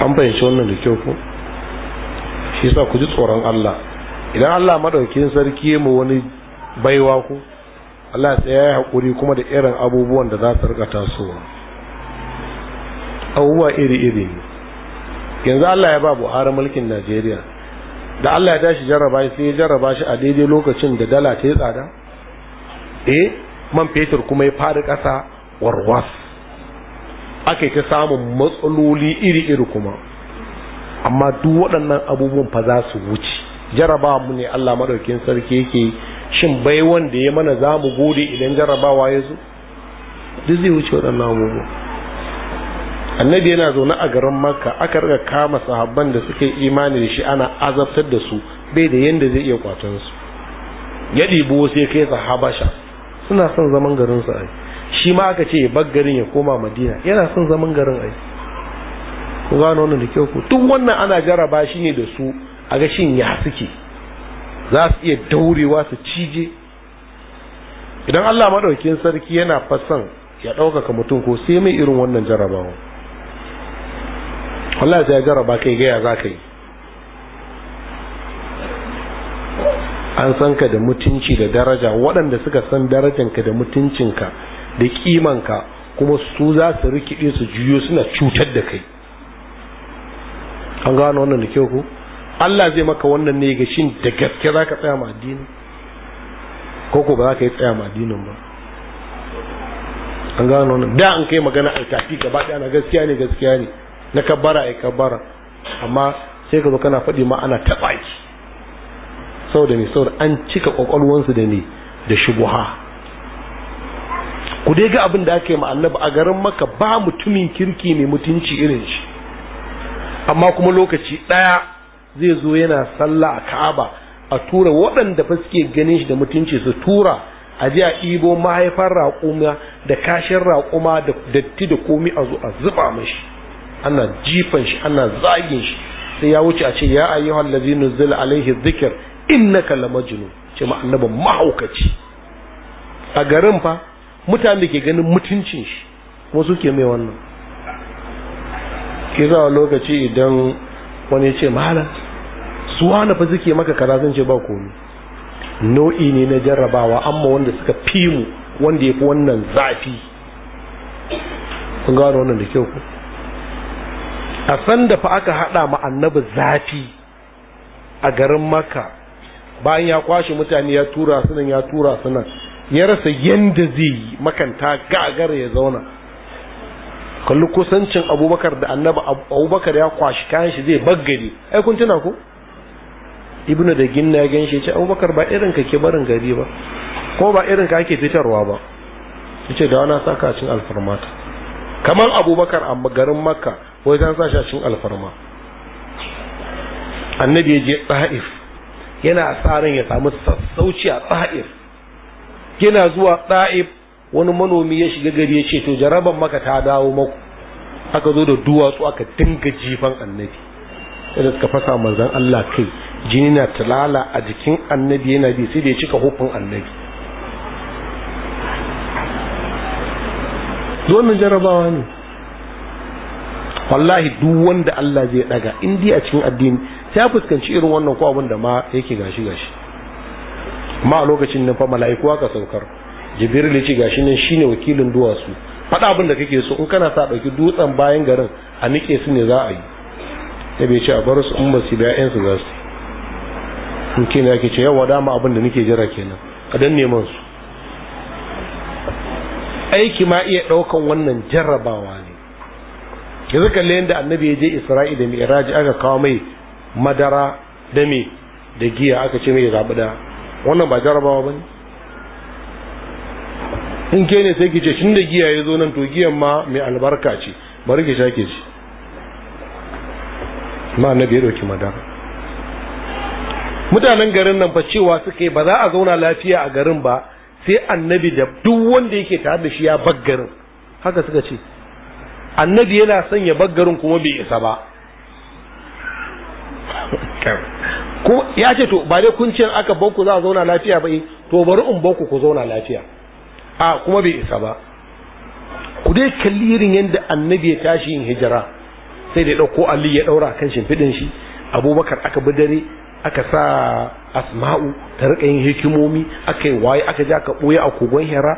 an fahimci wannan da kyau ku shi sa ku ji tsoron Allah idan Allah madaukin sarki mu wani baiwa ku Allah tsaya ya hakuri kuma da irin abubuwan da za su rika tasowa abubuwa iri-iri yanzu Allah ya ba Buhari mulkin Najeriya da Allah ya tashi jarraba sai ya jarraba shi a daidai lokacin da dala ta yi tsada eh man fetur kuma ya fara ƙasa warwas ake ta samun matsaloli iri-iri kuma amma duk waɗannan abubuwan fa za su wuce jarraba mu ne Allah maɗaukin sarki yake shin bai wanda ya mana za mu gode idan jarrabawa ya zo duk zai wuce waɗannan abubuwa annabi yana zaune a garin makka aka riga kama sahabban da suke imani da shi ana azabtar da su bai da yanda zai iya kwatan su ya ɗibo ya kai sahabasha. suna son zaman garin su ai shi ma aka ce bar garin ya koma madina yana son zaman garin ai ku gano wannan da kyau ku duk wannan ana jaraba shi ne da su a ga shin ya suke za su iya daurewa su cije idan Allah madaukin sarki yana fasan ya ɗaukaka mutum ko sai mai irin wannan jarabawa Allah ya jaraba kai gaya za ka yi an san ka da mutunci da daraja waɗanda suka san darajanka da mutuncinka da kimanka kuma su za su rikide su juyo suna cutar da kai an gano wannan da kyau ko. Allah zai maka wannan ne ga shin da gaske za ka tsaya ma addini ko ko ba za ka yi tsaya ma addinin ba an gano nan da an kai magana a tafi gaba ɗaya na gaskiya ne gaskiya ne na kabbara a kabbara amma sai ka zo kana faɗi ma ana taɓa da ne sau da an cika ƙwaƙwalwansu da ne da shubuha ku dai ga abin da aka yi ma annabi a garin maka ba mutumin kirki mai mutunci irin shi amma kuma lokaci ɗaya zai zo yana sallah a ka'aba a tura waɗanda fa suke ganin shi da mutunci su tura a ji a ibo mahaifar raƙuma da kashin raƙuma da datti da komi a zo a zuba mashi ana jifan shi ana zagin shi sai ya wuce a ce ya ayyuhal ladzi nuzila alaihi dhikr innaka lamajnun ce ma mahaukaci a garin fa mutane ke ganin mutuncin shi kuma suke mai wannan ke za lokaci idan wani ya ce malam su wani fa suke maka kaza zan ce ba komi nau'i ne na jarrabawa amma wanda suka fi mu wanda ya fi wannan zafi kun gano wannan da kyau ku a san fa aka haɗa ma annabi zafi a garin maka bayan ya kwashe mutane ya tura sunan ya tura sunan ya rasa yanda zai yi makanta gagara ya zauna kalli kusancin abubakar da annaba abubakar ya kwashi kayan shi zai baggari ai kun tuna ku ibnu da ginna ya shi ce abubakar ba irin ka ke barin gari ba ko ba irin ka ake fitarwa ba ce da wani saka cin alfarmata kamar abubakar a garin makka wai zan sa shi cin alfarma annabi ya je yana tsarin ya samu sassauci a ta'if yana zuwa ta'if wani manomi ya shiga gari ya ce to jaraban maka ta dawo maku aka zo da duwatsu aka dinga jifan annabi da suka fasa manzan Allah kai jini na talala a jikin annabi yana bi sai da ya cika hufin annabi wannan jarabawa ne wallahi duk wanda Allah zai daga indi a cikin addini ta fuskanci irin wannan ko abin da ma yake gashi gashi ma a lokacin nan fa mala'iku aka saukar jibril ya ce gashi nan shine wakilin duwatsu faɗa abin da kake so in kana sa ɗauki dutsen bayan garin a nike su ne za a yi ta bai ce a bar su in ba su biya yansu za su in ke ne ake ce yawa dama abin da nake jira kenan a dan neman su aiki ma iya ɗaukan wannan jarrabawa ne yanzu kalle yadda annabi ya je isra'ila mai iraji aka kawo mai madara da me da giya aka ce mai zaɓi da wannan ba jarrabawa ba ne in ke ne sai ki ce shin da giya ya zo nan to giyan ma mai albarka ce bari ki sha shi ci ma na ya dauki madara mutanen garin nan fa cewa suke ba za a zauna lafiya a garin ba sai annabi da duk wanda yake tare da shi ya baggarin haka suka ce annabi yana son ya baggarin kuma bai isa ba ya ce to ba dai kun ce aka banku za a zauna lafiya ba eh, to bari in banku ku zauna lafiya a kuma bai isa ba ku dai kalli irin yadda annabi ya tashi yin hijira sai da ɗauko ali ya ɗaura kan shimfiɗin shi abubakar aka bi dare aka sa asma'u ta riƙa yin hikimomi aka yi waye aka ja ka ɓoye a kogon hera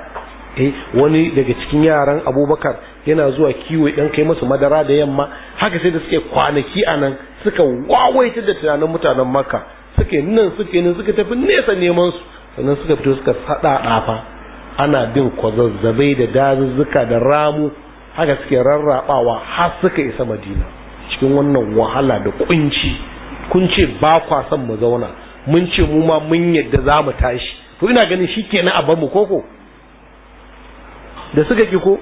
eh wani daga cikin yaran abubakar yana zuwa kiwo dan kai masu madara da yamma haka sai da suke kwanaki a nan suka wawaita da tunanin mutanen makka suke nan suke nan suka tafi nesa neman su sannan suka fito suka fada ɗafa ana bin kwazazzabai da dazuzzuka da ramu haka suke rarrabawa har suka isa madina cikin wannan wahala da kunci kun ce ba kwa son mu zauna mun ce mu ma mun yadda za mu tashi to ina ganin shi kenan a mu koko da suka ki ko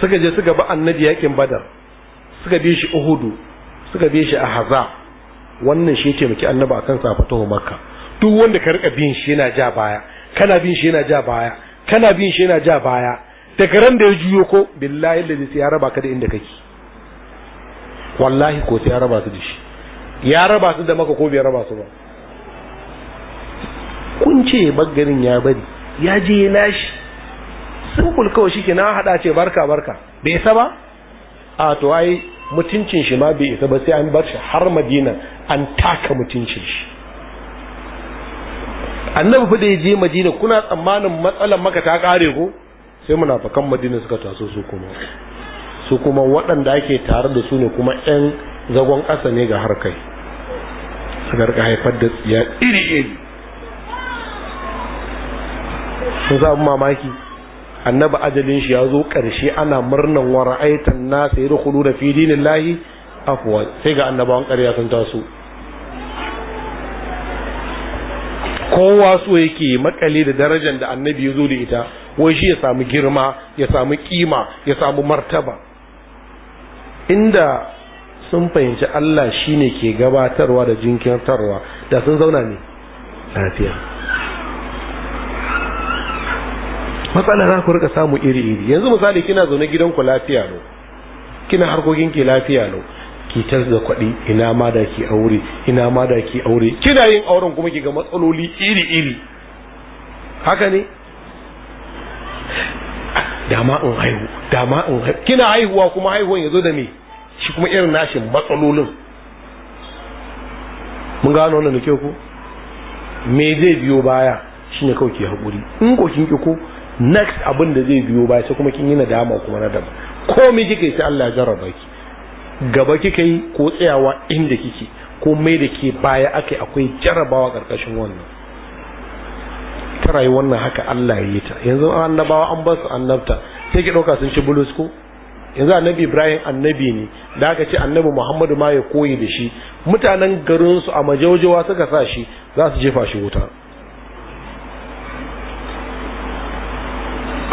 suka je suka bi annabi yakin badar suka bi shi uhudu suka bi shi a haza wannan shi ya taimaki annaba akan safa fatahu makka duk wanda ka rika bin shi yana ja baya kana bin shi yana ja baya kana bin shi yana ja baya daga ran da ya juyo ko billahi da sai ya raba ka da inda kake wallahi ko sai ya raba su da shi ya raba su da maka ko bai raba su ba kun ce bagarin ya bari ya je ya nashi simple kawai shi ke na hada ce barka barka bai isa ba a to ai mutuncin shi ma bai isa ba sai an bar shi har madina an taka mutuncin shi annabi fa da ya je madina kuna tsammanin matsalar maka ta kare ko sai munafikan madina suka taso su kuma su kuma waɗanda ake tare da su ne kuma ƴan zagon ƙasa ne ga harkai suka rika haifar da tsiya iri iri sun samu mamaki annabi ajalin shi ya zo ƙarshe ana murnan wa ra'aitan nasa yadkhulu da fi dinillahi afwa sai ga annabawan ƙarya sun taso kowa so yake makale da darajar da annabi ya zo da ita wai shi ya samu girma ya samu kima ya samu martaba inda sun fahimci Allah shine ke gabatarwa da jinkirtarwa da sun zauna ne lafiya matsala za ku rika samu iri-iri yanzu misali kina zaune gidanku lafiya no kina harkokin ki lafiya no ki da kwaɗi ina ma da ki aure ina ma da ki aure kina yin auren kuma ki ga matsaloli iri iri haka ne dama in haihu dama in haihu kina haihuwa kuma haihuwan ya zo da me shi kuma irin nashin matsalolin mun gano wannan da kyau me zai biyo baya ne kawai ke haƙuri in ko kin ki ko next abin da zai biyo baya sai kuma kin yi nadama kuma na daban komai kike sai Allah ya jarraba ki gaba kika yi ko tsayawa inda kike ko mai da ke baya ake akwai jarabawa karkashin wannan ta rayu wannan haka Allah ya yi ta yanzu annabawa an ba su annabta sai ki dauka sun ci bulus ko yanzu annabi Ibrahim annabi ne da aka ce annabi Muhammadu ma ya koyi da shi mutanen garinsu a majaujawa suka sa shi za su jefa shi wuta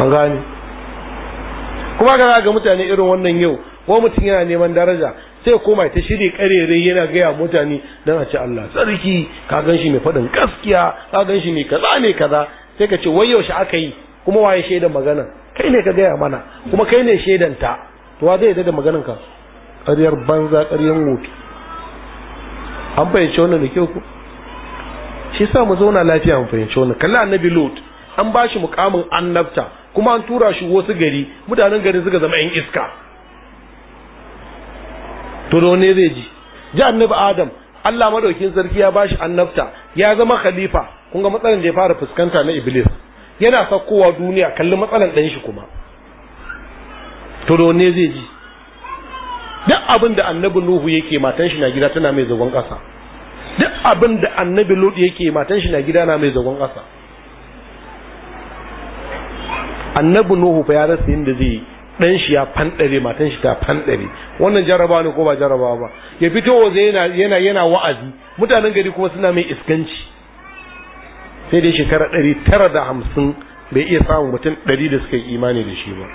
an gane kuma ga ga mutane irin wannan yau ko mutum yana neman daraja sai koma ta shirye karere yana gaya mutane don a ci Allah sarki ka gan shi mai faɗin gaskiya ka gan shi mai kaza ne kaza sai ka ce wai yaushe aka yi kuma waye shaidan magana kai ne ka gaya mana kuma kai ne shaidanta ta to wa zai yadda da maganan ka ƙaryar banza ƙaryar wofi an fahimci wannan da kyau ko shi sa mu zauna lafiya mu fahimci wannan kalla annabi lot an ba shi mukamin annabta kuma an tura shi wasu gari mutanen gari suka zama yan iska to da ne zai ji ji annabi adam Allah madaukin sarki ya bashi annabta ya zama khalifa kun ga matsalan da ya fara fuskanta na iblis yana sakkowa duniya kalli matsalan ɗan shi kuma to da ne zai ji duk abin da annabi nuhu yake matan shi na gida tana mai zagon ƙasa duk abin da annabi Lodi yake matan shi na gida na mai zagon ƙasa annabi nuhu fa ya rasa yadda zai yi dan shi ya fanɗare matan shi ta fanɗare wannan jaraba ne ko ba jaraba ba ya fito waje yana yana yana wa'azi mutanen gari kuma suna mai iskanci sai dai shekara ɗari tara da hamsin bai iya samun mutum ɗari da suka yi imani da shi ba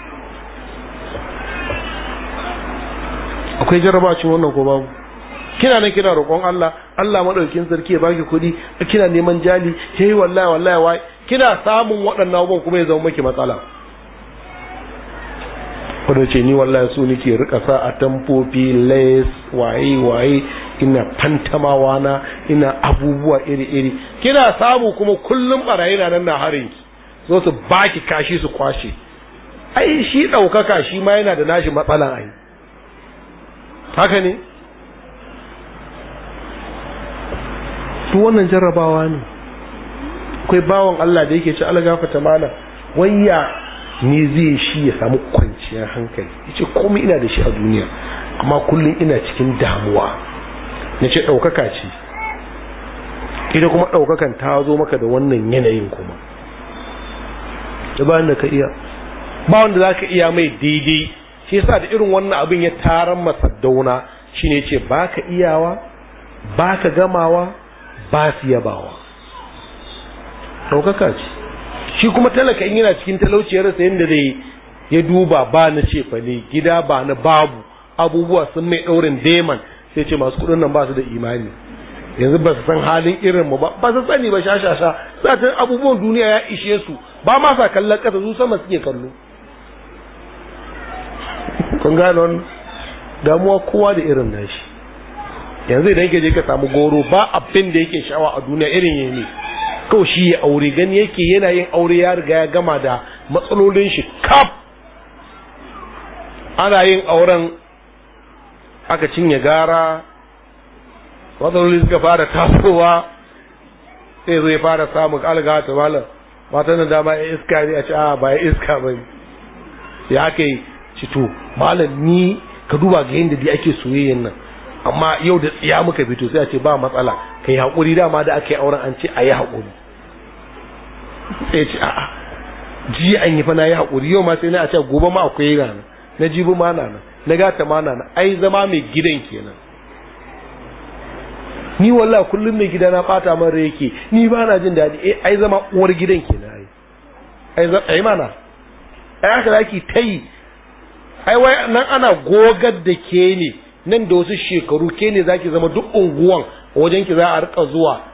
akwai jaraba cin wannan ko babu kina nan kina roƙon Allah Allah madaukakin sarki ya baki kuɗi kina neman jali kai wallahi wallahi wai kina samun waɗannan abubuwan kuma ya zama maki matsala wanda ce ni wallahi su nike rika sa a tamfofi lace waye waye ina fantamawa na ina abubuwa iri iri kina samu kuma kullum barayi na nan na harin ki zo su baki kashi su kwashe ai shi daukaka shi ma yana da nashi matsala ai haka ne To wannan jarrabawa ne akwai bawan Allah da yake ci ta mana wayya ne zai shi ya samu kwanciyar hankali ya ce komai ina da shi a duniya amma kullum ina cikin damuwa na ce ɗaukaka ce ita kuma ɗaukakan ta zo maka da wannan yanayin kuma da bayan da ka iya ba wanda za ka iya mai daidai shi yasa da irin wannan abin ya taron masaddauna shi ne ce ba ka iyawa ba ka gamawa ba su yabawa ɗaukaka ce shi kuma talaka in yana cikin talauciyar sa yanda zai ya duba ba na ce fa ne gida ba na babu abubuwa sun mai ɗaurin daiman sai ce masu kudin nan ba su da imani yanzu ba su san halin irin mu ba ba su sani ba sha sha sha za ta abubuwan duniya ya ishe su ba ma sa kallon kasa su sama suke kallo kun gano damuwa kowa da irin nashi yanzu idan ka je ka samu goro ba abin da yake shawa a duniya irin yene kawai shi ya aure gani yake yana yin aure ya riga ya gama da matsalolin shi kaf ana yin auren aka cinye gara matsalolin suka fara tasowa sai zai fara samun alga ta malar matan da dama ya iska ne a ce a ah, ba ya iska ba ya aka yi cito malam ni ka duba ga yadda da ake soyayyen nan amma yau da tsiya muka fito sai a ce ba matsala ka yi haƙuri dama da aka yi auren an ce a yi haƙuri sai ce a'a ji an yi fa na yi haƙuri yau ma sai na a ce gobe ma akwai rana na jibi ma na na gata ma na ai zama mai gidan kenan ni wallahi kullum mai gida na bata man rai yake ni ba na jin daɗi eh ai zama uwar gidan kenan ai ai mana ai haka zaki ta yi ai wai nan ana gogar da ke ne nan da wasu shekaru ke ne zaki zama duk unguwan wajen ki za a rika zuwa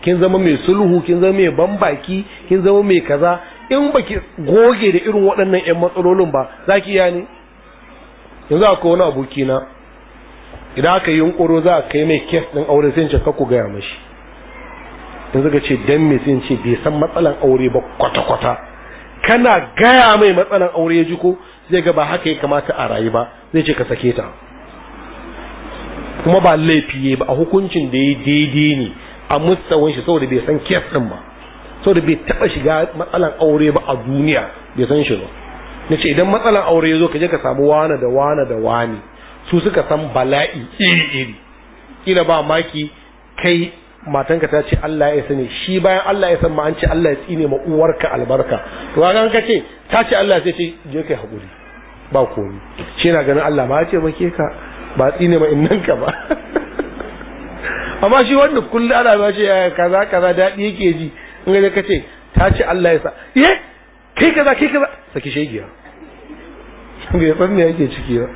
kin zama mai sulhu kin zama mai bambaki kin zama mai kaza in baki goge da irin waɗannan ƴan matsalolin ba zaki iya ne yanzu akwai wani aboki na idan aka yi yunkuro za a kai mai kes din aure sai ce ku gaya mashi in ka ce dan me sai ce bai san matsalan aure ba kwata-kwata kana gaya mai matsalan aure ya ji ko zai ga ba haka ya kamata a rayu ba zai ce ka sake ta kuma ba laifi ba a hukuncin da ya daidai ne a mustawan shi saboda bai san kes din ba saboda bai taba shiga matsalan aure ba a duniya bai san shi ba na ce idan matsalan aure ya zo ka je ka samu wane da wane da wane su suka san bala'i iri iri kila ba maki kai matanka ta ce Allah ya sani shi bayan Allah ya san ma an ce Allah ya tsine ma uwarka albarka to ga ka ce ta ce Allah sai ce je kai hakuri ba komai shi na ganin Allah ma ya ce ke ka ba tsine ma innanka ba amma shi wanda kullum ana ba shi ya eh, kaza kaza daɗi yake ji in ga ka ce ta ce Allah ya sa ye eh, kai kaza kai kaza saki shegiya ga san me yake ciki ba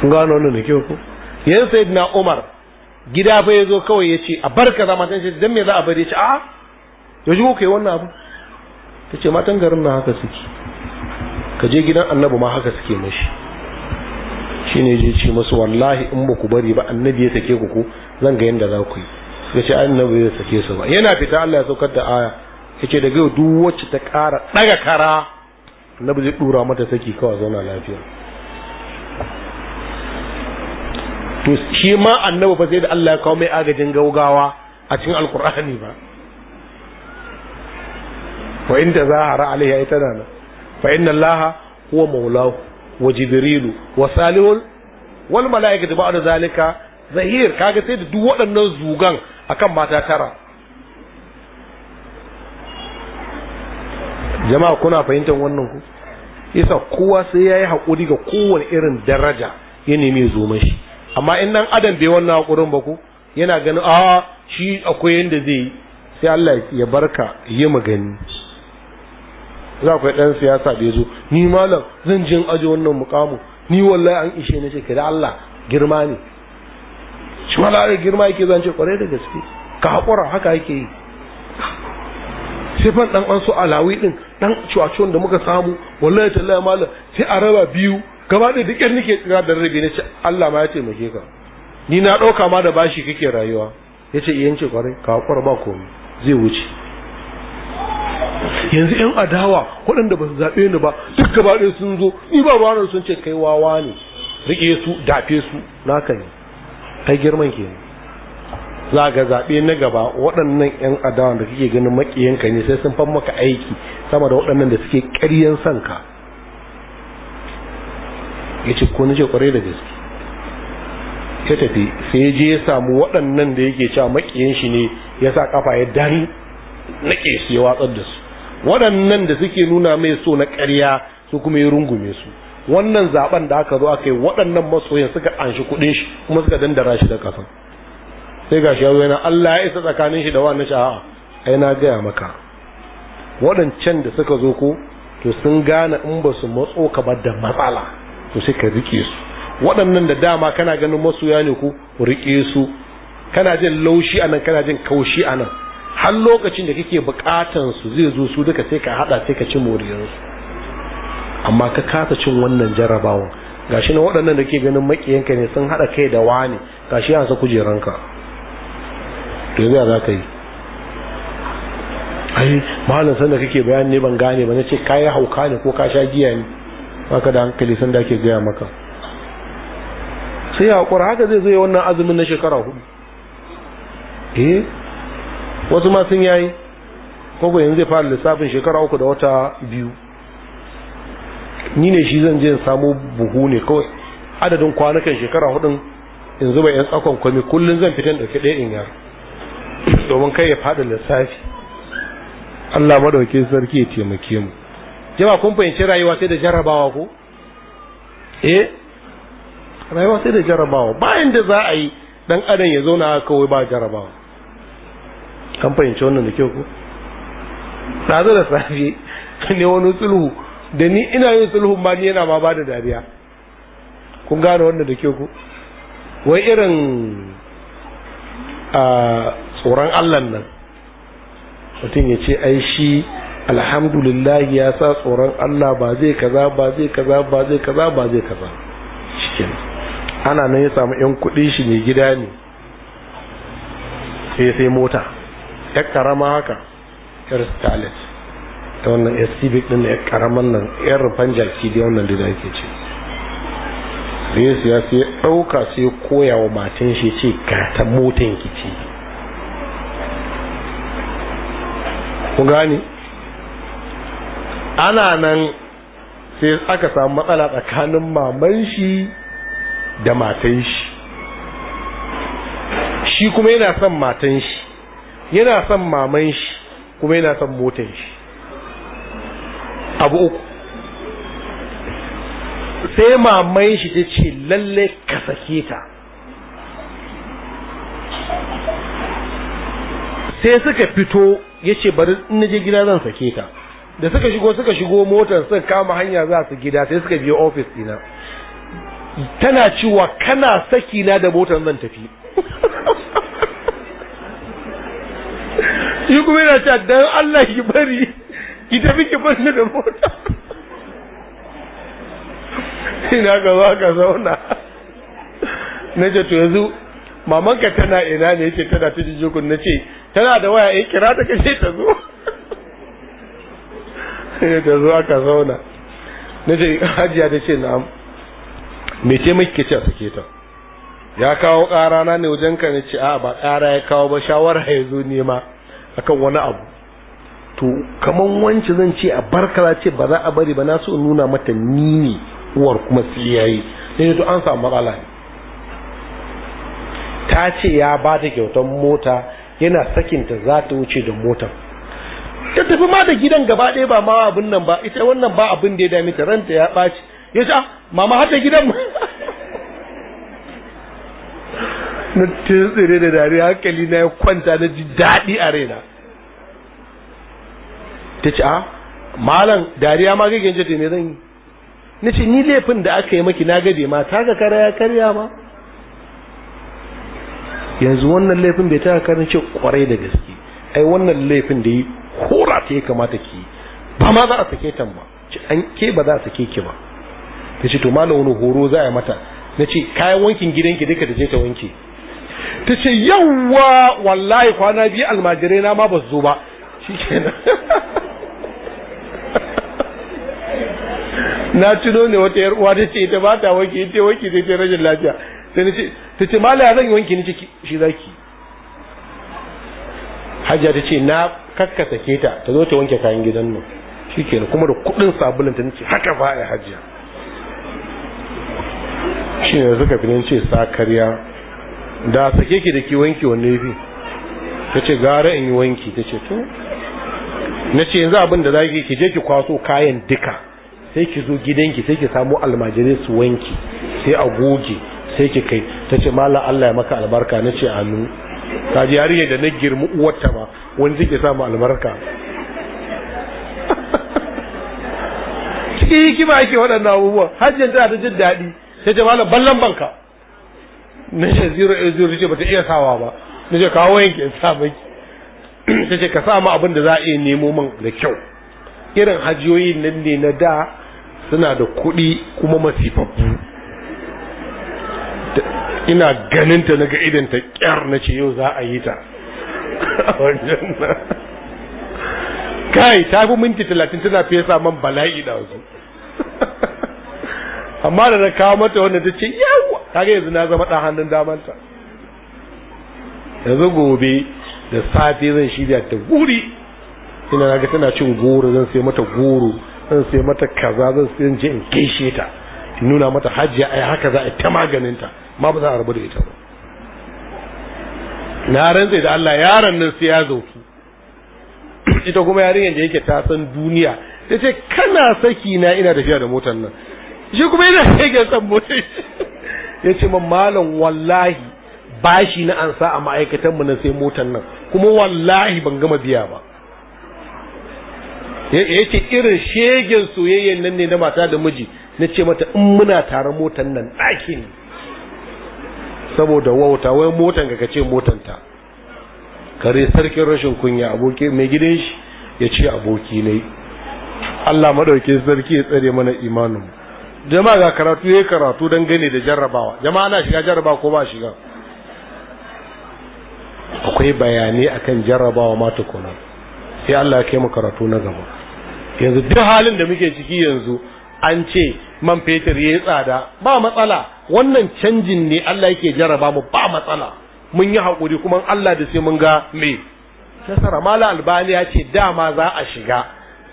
kun gano wannan ne kyau ko yanzu sayyidina Umar gida fa yazo kawai yace a barka za matan shi dan me za a bari ce a ya ji kai wannan abu tace matan garin na haka suke ka je gidan Annabi ma haka suke mashi shine je ce masu wallahi in ba ku bari ba annabi ya sake ku ku zan ga yanda za ku yi ya ce annabi ya sake su ba yana fita Allah ya saukar da aya ya da daga duk wacce ta ƙara ɗaga kara annabi zai ɗura mata saki kawai zauna lafiya to shi ma annabi fa sai da Allah ya kawo mai agajin gaugawa a cikin alkur'ani ba wa inda zahara alaiha ita nan fa inna allaha huwa maulahu wa jibrilu wa salihul wal mala'ikatu ba'da zalika zahir kaga sai da duk waɗannan zugan akan mata tara jama'a kuna fahimtar wannan ku Isa kowa sai yayi hakuri ga kowane irin daraja ya nemi zo mashi amma in nan adam bai wannan hakurin ba ku yana ganin a shi akwai yadda zai yi sai Allah ya barka yi magani za ku ɗan siyasa da zo ni malam zan jin aji wannan mukamu ni wallahi an ishe ne ce da Allah girma ne shi wallahi girma yake zance kwarai da gaske ka haƙura haka yake yi sai fan ɗan an so alawi ɗin ɗan cuwacuwan da muka samu wallahi tallaya malam sai a raba biyu gaba da duk yan nake tsira da rabe ne ce Allah ma ya taimake ka ni na ɗauka ma da bashi kake rayuwa yace iyan ce kwarai eh, ka haƙura ba komai zai wuce yanzu yan adawa waɗanda ba su zaɓe ni ba duk gaba ɗaya sun zo ni ba ba sun ce kai wawa ne riƙe su dafe su naka ne kai girman ke za ga zaɓe na gaba waɗannan yan adawa da kake ganin maƙiyanka ne sai sun fan maka aiki sama da waɗannan da suke ƙaryan son ka ya ce ko ce da gaske tafi sai ya je ya samu waɗannan da yake cewa maƙiyan shi ne ya sa ƙafa ya dare na ƙesi ya watsar da su waɗannan da suke nuna mai so na ƙarya su kuma ya rungume su wannan zaben da aka zo aka yi waɗannan masoyan suka anshi kuɗin shi kuma suka dandara shi da kafa sai ga shi yana Allah ya isa tsakanin shi da wannan sha'a ai na gaya maka waɗancan da suka zo ko to sun gane in ba su matso ka ba da matsala to sai ka rike su waɗannan da dama kana ganin masoya ne ko rike su kana jin laushi anan kana jin kaushi anan har lokacin da kake bukatan su zai zo su duka sai ka hada sai ka ci moriyar su amma ka kasa cin wannan jarabawan gashi na waɗannan da ke ganin makiyanka ne sun hada kai da wani gashi ya sa kujeranka to yanzu za ka yi ai malam sanda kake bayani ne ban gane ba na ce kayi hauka ne ko ka sha giya ne baka da hankali sanda ake gaya maka sai ya haƙura haka zai zai wannan azumin na shekara hudu eh wasu ma sun yayi ko yanzu zai fara lissafin shekara uku da wata biyu ni ne shi zan je in samu buhu ne kawai adadin kwanukan shekara hudun in zuba yan tsakon kwami kullum zan fitan da ɗaya in yar domin kai ya fada lissafi Allah madauke sarki ya taimake mu jama kun fahimci rayuwa sai da jarrabawa ko eh rayuwa sai da jarrabawa bayan da za a yi dan adam ya zauna kawai ba jarrabawa kan fahimci wannan da kyau ko zo da safe ne wani sulhu da ni ina yin sulhun ma ni yana ma ba da dariya kun gane wannan da kyau ko wai irin tsoron allan nan mutum ya ce ai shi alhamdulillah ya sa tsoron allah ba zai kaza ba zai kaza ba zai kaza ba zai kaza Cikin. ana nan ya samu yan kuɗi shi ne gida ne sai sai mota ya karama haka yar scarlet ta wannan yar civic din ya karaman nan yar rufan jaki da wannan da ake ce ya sai ɗauka sai koya wa matan shi ce ga ta motan kici ku gane ana nan sai aka samu matsala tsakanin maman shi da matan shi shi kuma yana son matan shi yana son maman shi kuma yana son motar shi abu uku sai maman shi ta ce lalle ka sake ta sai suka fito ya ce bari in je gida zan sake ta da suka shigo suka shigo motar sun kama hanya za su gida sai suka biyo ofis dina tana cewa kana saki da motar zan tafi Yi kuma yana cewa dan Allah ki bari ki tafi ki bar ni da mota ina ga za ka zauna na ce to yanzu mamanka tana ina ne yake tana ta jijikun na ce tana da waya ya eh, kira ta kashe ta zo sai ta zo aka zauna na ce hajiya ta ce na'am me ce miki ce a sake ta ya kawo ƙara na ne wajen ka ne ce a ba ƙara ya kawo ba shawara ya zo nema akan wani abu to kaman wance zan ce a barkara ce ba za a bari ba na so nuna mata ni ne uwar kuma yi. sai to an samu matsala ne ta ce ya ba ta kyautar mota yana sakinta za ta wuce da motar ta tafi ma da gidan gaba ɗaya ba ma abin nan ba ita wannan ba abin da ya dame ta ranta ya ɓaci ya ce ah, mama hata gidan na tsire da dariya hankali na ya kwanta na ji daɗi a raina ta ce a malam dariya ma gagen jade ne zan yi na ce ni laifin da aka yi maki na gade ma ta ga kara ya karya ma yanzu wannan laifin bai ga karin ce kwarai da gaske ai wannan laifin da yi hora ta ya kamata ki ba ma za a sake tan ba ce an ke ba za a sake ki ba ta ce to malam wani horo za a yi mata na ce kayan wankin gidanki duka da je ta wanke ta ce yawwa wallahi kwana biyu almajirai na ma ba zo ba shi kenan na tuno ne wata yar uwa ta ce ita ba ta wanki ita wanki sai ce rajin lafiya ce ta ce malaya zan yi wanki ni ce shi zaki hajiya ta ce na kakkasa ke ta ta zo ta wanke kayan gidan nan shi kenan kuma da kudin sabulin ta nace haka ba a hajiya shi ne suka fi ce sa karya da sake ki da ki wanki wanne yafi ta ce gara in yi wanki ta ce to na ce yanzu abin da za ki je ki kwaso kayan duka sai ki zo gidanki sai ki samu almajirai su wanki sai a goge sai ki kai ta ce malam Allah ya maka albarka na ce amin ta ji yarinya da na girmi uwarta ma wani zai ke samu albarka Ki ki ba ake waɗannan abubuwan hajjin tana ta jin daɗi ta ce malam ballan banka na ce zero eight zero ce bata iya sawa ba na ce kawo yanki in sa baki ta ce ka sa ma abin da za a iya nemo man da kyau irin hajiyoyi nan ne na da suna da kuɗi kuma masifaffu ina ganin ta ga idan ta kyar na ce yau za a yi ta kai ta fi minti talatin tana fesa man bala'i da wasu amma da na kawo mata wanda ta ce yawa kaga yanzu na zama ɗan hannun damanta yanzu gobe da safe zan shirya ta guri ina ga tana cin goro zan sai mata goro zan sai mata kaza zan sai je in kishe ta in nuna mata hajjiya ai haka za a ta maganin ta ma ba za a rabu da ita ba na rantsa da Allah yaron nan sai ya zauki ita kuma yarinyar da yake ta san duniya ta ce kana saki na ina tafiya da motar nan shi kuma yana yake son motar ya ce man malam wallahi bashi na ansa a ma'aikatanmu na sai motan nan kuma wallahi ban gama biya ba ya ce irin shegen soyayyen nan ne na mata da miji na ce mata in muna tare motar nan ɗaki ne saboda wauta wai motan ka ce motanta kare sarkin rashin kunya aboki mai gidan shi ya ce aboki ne Allah madaukin sarki ya tsare mana imanin mu jama'a ga karatu yayi karatu dan gane da jarrabawa jama'a na shiga jarrabawa ko ba shiga akwai bayani akan jarrabawa ma tukuna sai Allah ya kai mu karatu na gaba yanzu duk halin da muke ciki yanzu an ce man fetur yayi tsada ba matsala wannan canjin ne Allah yake jarraba mu ba matsala mun yi hakuri kuma Allah da sai mun ga me nasara mala albani ya ce dama za a shiga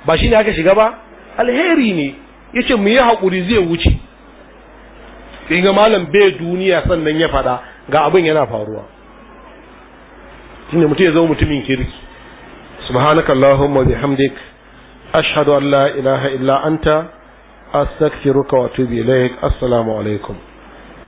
ba shi ne aka shiga ba alheri ne yace mu yi hakuri zai wuce kin ga malam bai duniya sannan ya faɗa ga abin yana faruwa tunda mutum ya zama mutumin kirki subhanakallahumma bihamdik ashhadu an la ilaha illa anta astaghfiruka wa atubu ilaik assalamu alaikum